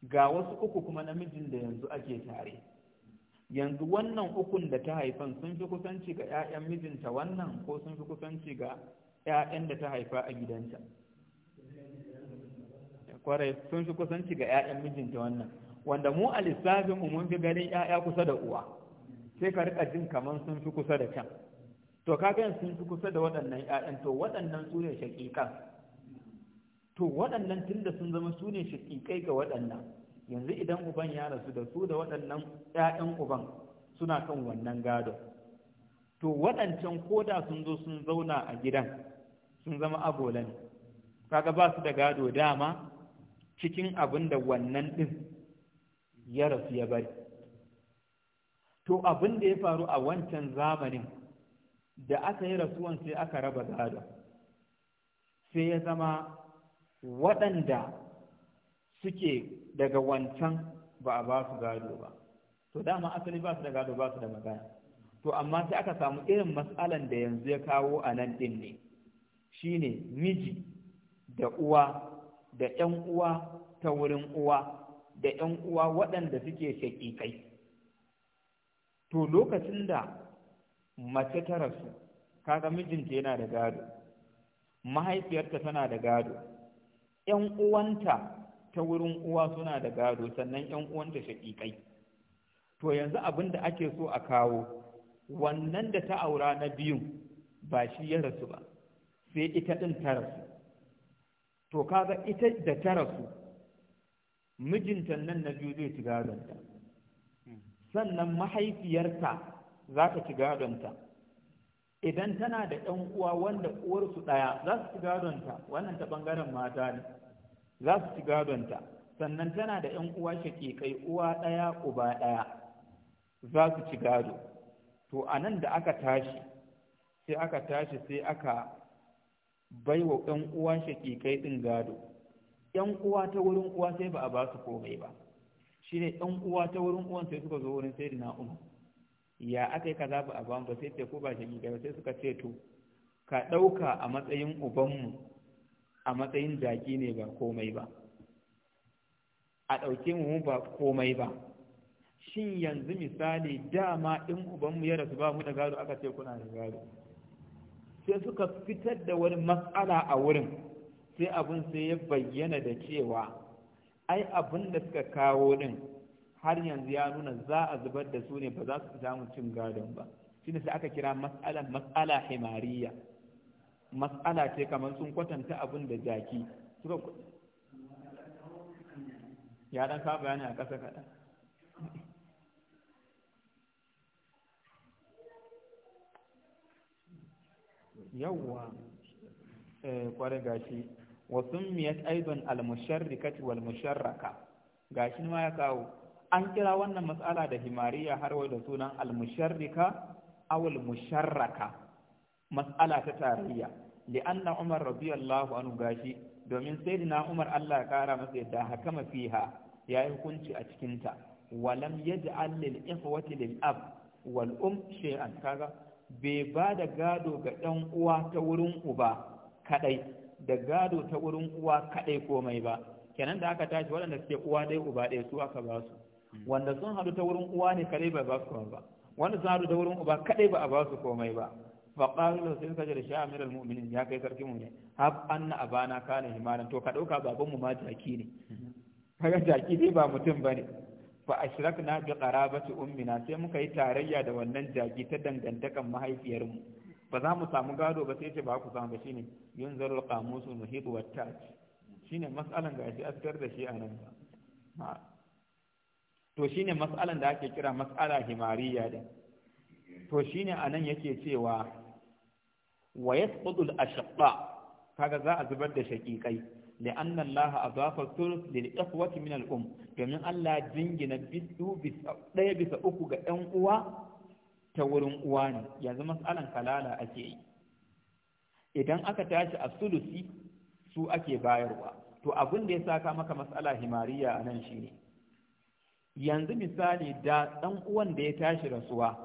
ga wasu uku kuma namijin da yanzu ake tare yanzu wannan ukun da ta haifan sun fi kusanci ga 'ya'yan mijinta wannan ko sun fi kusanci ga 'ya'yan da ta haifa a gidanta kwarai sun fi kusanci ga 'ya'yan mijinta wannan wanda mu a lissafin mun fi ganin 'ya'ya kusa da uwa sai ka rika jin kamar sun fi kusa da can to kaga sun fi kusa da waɗannan ƴaƴan to waɗannan su ne shaƙiƙan to waɗannan tun da sun zama su ne shaƙiƙai ga waɗannan yanzu idan uban ya rasu da su da waɗannan ƴaƴan uban suna kan wannan gado to waɗancan koda sun zo sun zauna a gidan sun zama abolan kaga ba su da gado dama cikin abin da wannan ɗin ya rasu ya bari to abin da ya faru a wancan zamanin da aka yi rasuwan sai aka raba gado sai ya zama waɗanda suke daga wancan ba a ba su gado ba to dama asali ba su da gado ba su da magana to amma sai aka samu irin matsalan da yanzu ya kawo a nan ɗin ne shine miji da uwa da ƴan uwa ta wurin uwa da ƴan uwa waɗanda suke shaƙiƙai to lokacin da mace ta rasu kaga mijinta yana da gado mahaifiyarta tana da gado ‘yan uwanta ta wurin uwa suna da gado sannan ƴan uwanta shaƙiƙai to yanzu abin da ake so a kawo wannan da ta aura na biyun ba shi ya rasu ba sai ita ɗin ta rasu to kaga ita da ta rasu mijinta nan na biyu zai ci gadonta hmm. sannan mahaifiyarta za ka ci gadonta idan tana da ɗan uwa wanda uwarsu ɗaya za su ci gadonta wannan ta ɓangaren mata ne za su ci gadonta sannan tana da ‘yan uwa shakikai uwa ɗaya uba ɗaya za su ci gado to a nan da aka tashi sai aka tashi sai aka bai wa ‘yan uwa shakikai ɗin gado ‘yan uwa ta wurin uwa sai ba a ba su komai ba shi ne ‘yan uwa ta wurin uwan sai suka zo wurin sai na umar ya aka yi kaza ba a ba sai ce ko ba shi ba sai suka ce to ka ɗauka a matsayin ubanmu a matsayin jaki ne ba komai ba a ɗauke mu ba komai ba shin yanzu misali dama in ubanmu ya rasu ba mu da gado aka ce kuna da gado sai suka fitar da wani matsala a wurin sai abin sai ya bayyana da cewa ai abin da suka kawo din har yanzu ya nuna za a zubar da su ne ba za su samu cin gadon ba ne sai aka kira mas'ala matsala himariya mas'ala ce kamar sun kwatanta abin da jaki suka ya dan ka bayani a ƙasa kaɗan yawwa kwarai eh, gashi wa summiyat aidan al-musharrikati wal musharraka gashi ma ya kawo an kira wannan matsala da himariya har wai da sunan al-musharrika aw musharraka matsala ta tarayya anna Umar radiyallahu anhu gashi domin sayyidina Umar Allah ya kara masa yadda hakama fiha yayi hukunci a cikin ta lam yaj'al lil ikhwati lil ab wal um shay'an kaga bai ba da gado ga ɗan uwa ta wurin uba kadai da gado ta wurin uwa kadai komai ba kenan da aka tashi waɗanda suke uwa dai uba dai su aka ba su Mm. wanda sun hadu ta wurin uwa ne kadai ba ba su komai ba wanda sun hadu ta wurin uba kadai ba a ba su komai ba fa qalu sai da sha amiral mu'minin ya kai sarkin mu ne hab anna abana kana himaran to ka dauka baban mu ma jaki ne mm. kaga jaki dai ba mutum bane fa ashrakna bi qarabati ummina sai muka yi tarayya da wannan jaki ta dangantakan mahaifiyarmu ba za mu samu gado ba sai ce ba ku samu ba shine yunzarul qamusul Muhib wat shine mas'alan gashi askar da shi anan ba to shine mas'alan da ake kira mas'ala himariya da. to shine anan yake cewa wa yasqutu al-ashqa kaga za a zubar da shaqiqai لأن الله أضاف الثلث للإخوة minal um domin Allah jingina bisu ɗaya bisa uku ga ‘yan uwa ta wurin uwa ne yanzu matsalan kalala ake yi idan aka tashi a sulusi su ake bayarwa to abin da ya saka maka mas'ala himariya a nan shi ne yanzu misali da ɗan uwan da ya tashi rasuwa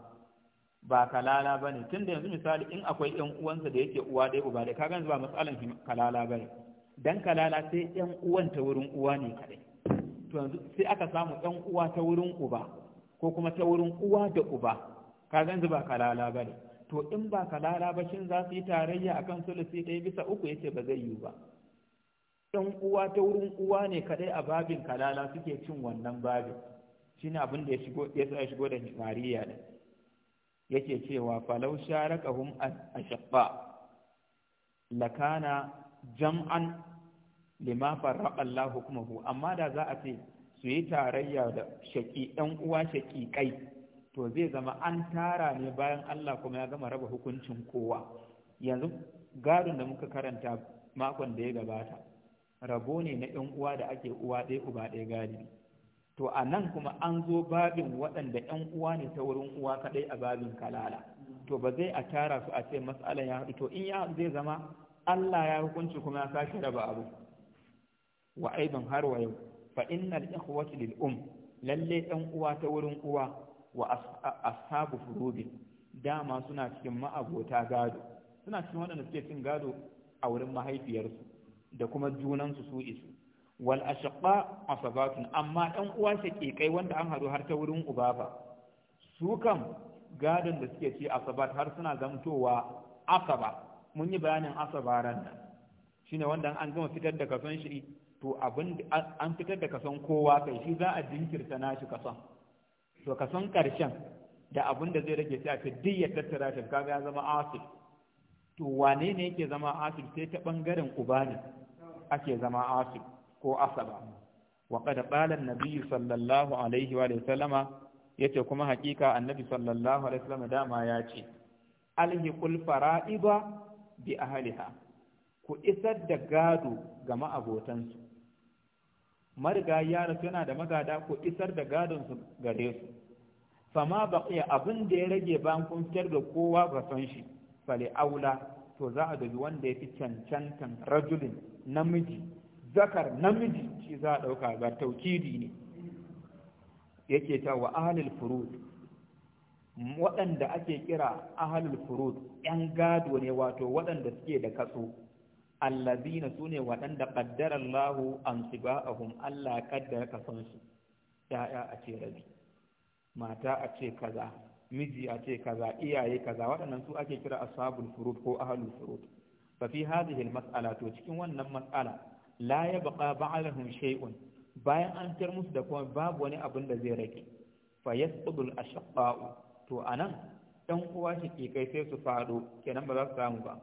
ba kalala ba ne tunda yanzu misali in akwai ‘yan uwansa da yake uwa ɗaya uba da kaga yanzu ba matsalan kalala ba ne dan kalala sai ‘yan uwan ta wurin uwa ne kaɗai to yanzu sai aka samu ‘yan uwa ta wurin uba ko kuma ta wurin uwa da uba kaga yanzu ba kalala ba ne to in ba kalala ba shin za su yi tarayya akan sulusi ɗaya bisa uku yace ba zai yiwu ba ɗan uwa ta wurin uwa ne kaɗai a babin kalala suke cin wannan babin shine abin da ya shigo ya sa shigo da mariya din yake cewa falau sharakahum shafa. lakana jam'an lima farraqa Allah hukmuhu amma da za a ce su yi tarayya da shaki ɗan uwa shaki kai to zai zama an tara ne bayan Allah kuma ya gama raba hukuncin kowa yanzu gadon da muka karanta makon da ya gabata rabo ne na 'yan uwa da ake uwa ɗaya uba ɗaya gadi to a nan kuma an zo babin waɗanda 'yan uwa ne ta wurin uwa kaɗai a babin kalala to ba zai a tara su a ce matsala ya haɗu to in ya zai zama Allah ya hukunci kuma ya sake raba abu wa aibin har wa yau fa innal ikhwati lil um lalle 'yan uwa ta wurin uwa wa ashabu furubin dama suna cikin ma'abota gado suna cikin waɗanda suke cin gado a wurin mahaifiyarsu da kuma junansu su isu wal ashqa asabatun amma ɗan uwa kai wanda an haru har ta wurin uba ba su kam gadon da suke ci asabat har suna zamtowa asaba mun yi bayanin asaba ran nan shine wanda an gama fitar da kason shi to abin an fitar da kason kowa kai shi za a jinkirta nashi kason to kason karshen da abin da zai rage sai a ce tattara shi kaga ya zama asib to wane ne yake zama asib sai ta bangaren uba ne ake zama asib ko asaba wa qad qala an sallallahu alaihi wa sallama yace kuma hakika annabi sallallahu alaihi wasallam dama ya ce alhiqul fara'ida bi ahliha ku isar da gado ga ma'abotansu marga yara suna da magada ku isar da gadon su gare su fama baqiya abin da ya rage ban kun fitar da kowa ga son shi fali aula to za a dubi wanda ya fi cancantan rajulin namiji zakar namiji shi za a ɗauka ga taukidi ne yake ta wa ahalil furud waɗanda ake kira ahalil furud ‘yan gado ne wato waɗanda suke da katso. allazina su ne waɗanda ƙaddara Allahu an siba'ahum Allah ya kasansu ‘ya'ya a ce rabi mata a ce kaza miji a ce kaza iyaye kaza waɗannan su ake kira ashabul furud ko ahalul furud fa fi hadhihi masala to cikin wannan mas'ala la ya baqa ba'alahum shay'un bayan an tar musu da kuma babu wani abin da zai rage fa yasqudul ashqa'u to anan dan uwa shi ke kai sai su fado kenan ba za su samu ba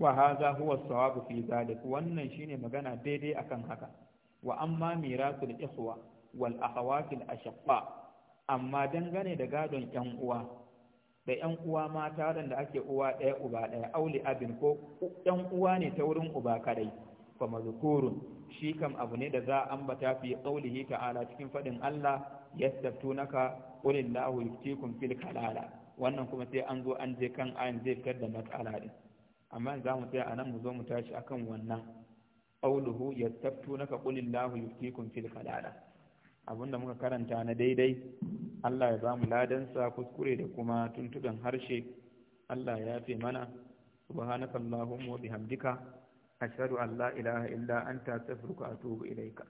wa hadha huwa as-sawab fi zalik wannan shine magana daidai akan haka wa amma mirasul ikhwa wal akhawat ashqa amma dangane da gadon yan uwa da yan uwa mata da ake uwa ɗaya uba ɗaya auli abin ko yan uwa ne ta wurin uba kadai fa mazkurun shi kam abu ne da za a ambata fi qaulihi ta'ala cikin fadin Allah yastaftunaka qulillahu yuftikum fil kalala wannan kuma sai an zo an je kan ayin zai fitar da matsala din amma za mu tsaya anan mu zo mu tashi akan wannan qauluhu yastaftunaka qulillahu yuftikum fil kalala abinda muka karanta na daidai Allah ya ba mu sa kuskure da kuma tuntuɓen harshe Allah ya fi mana subhanakallahumma wa bihamdika ashhadu an la ilaha illa anta astaghfiruka wa atubu ilaika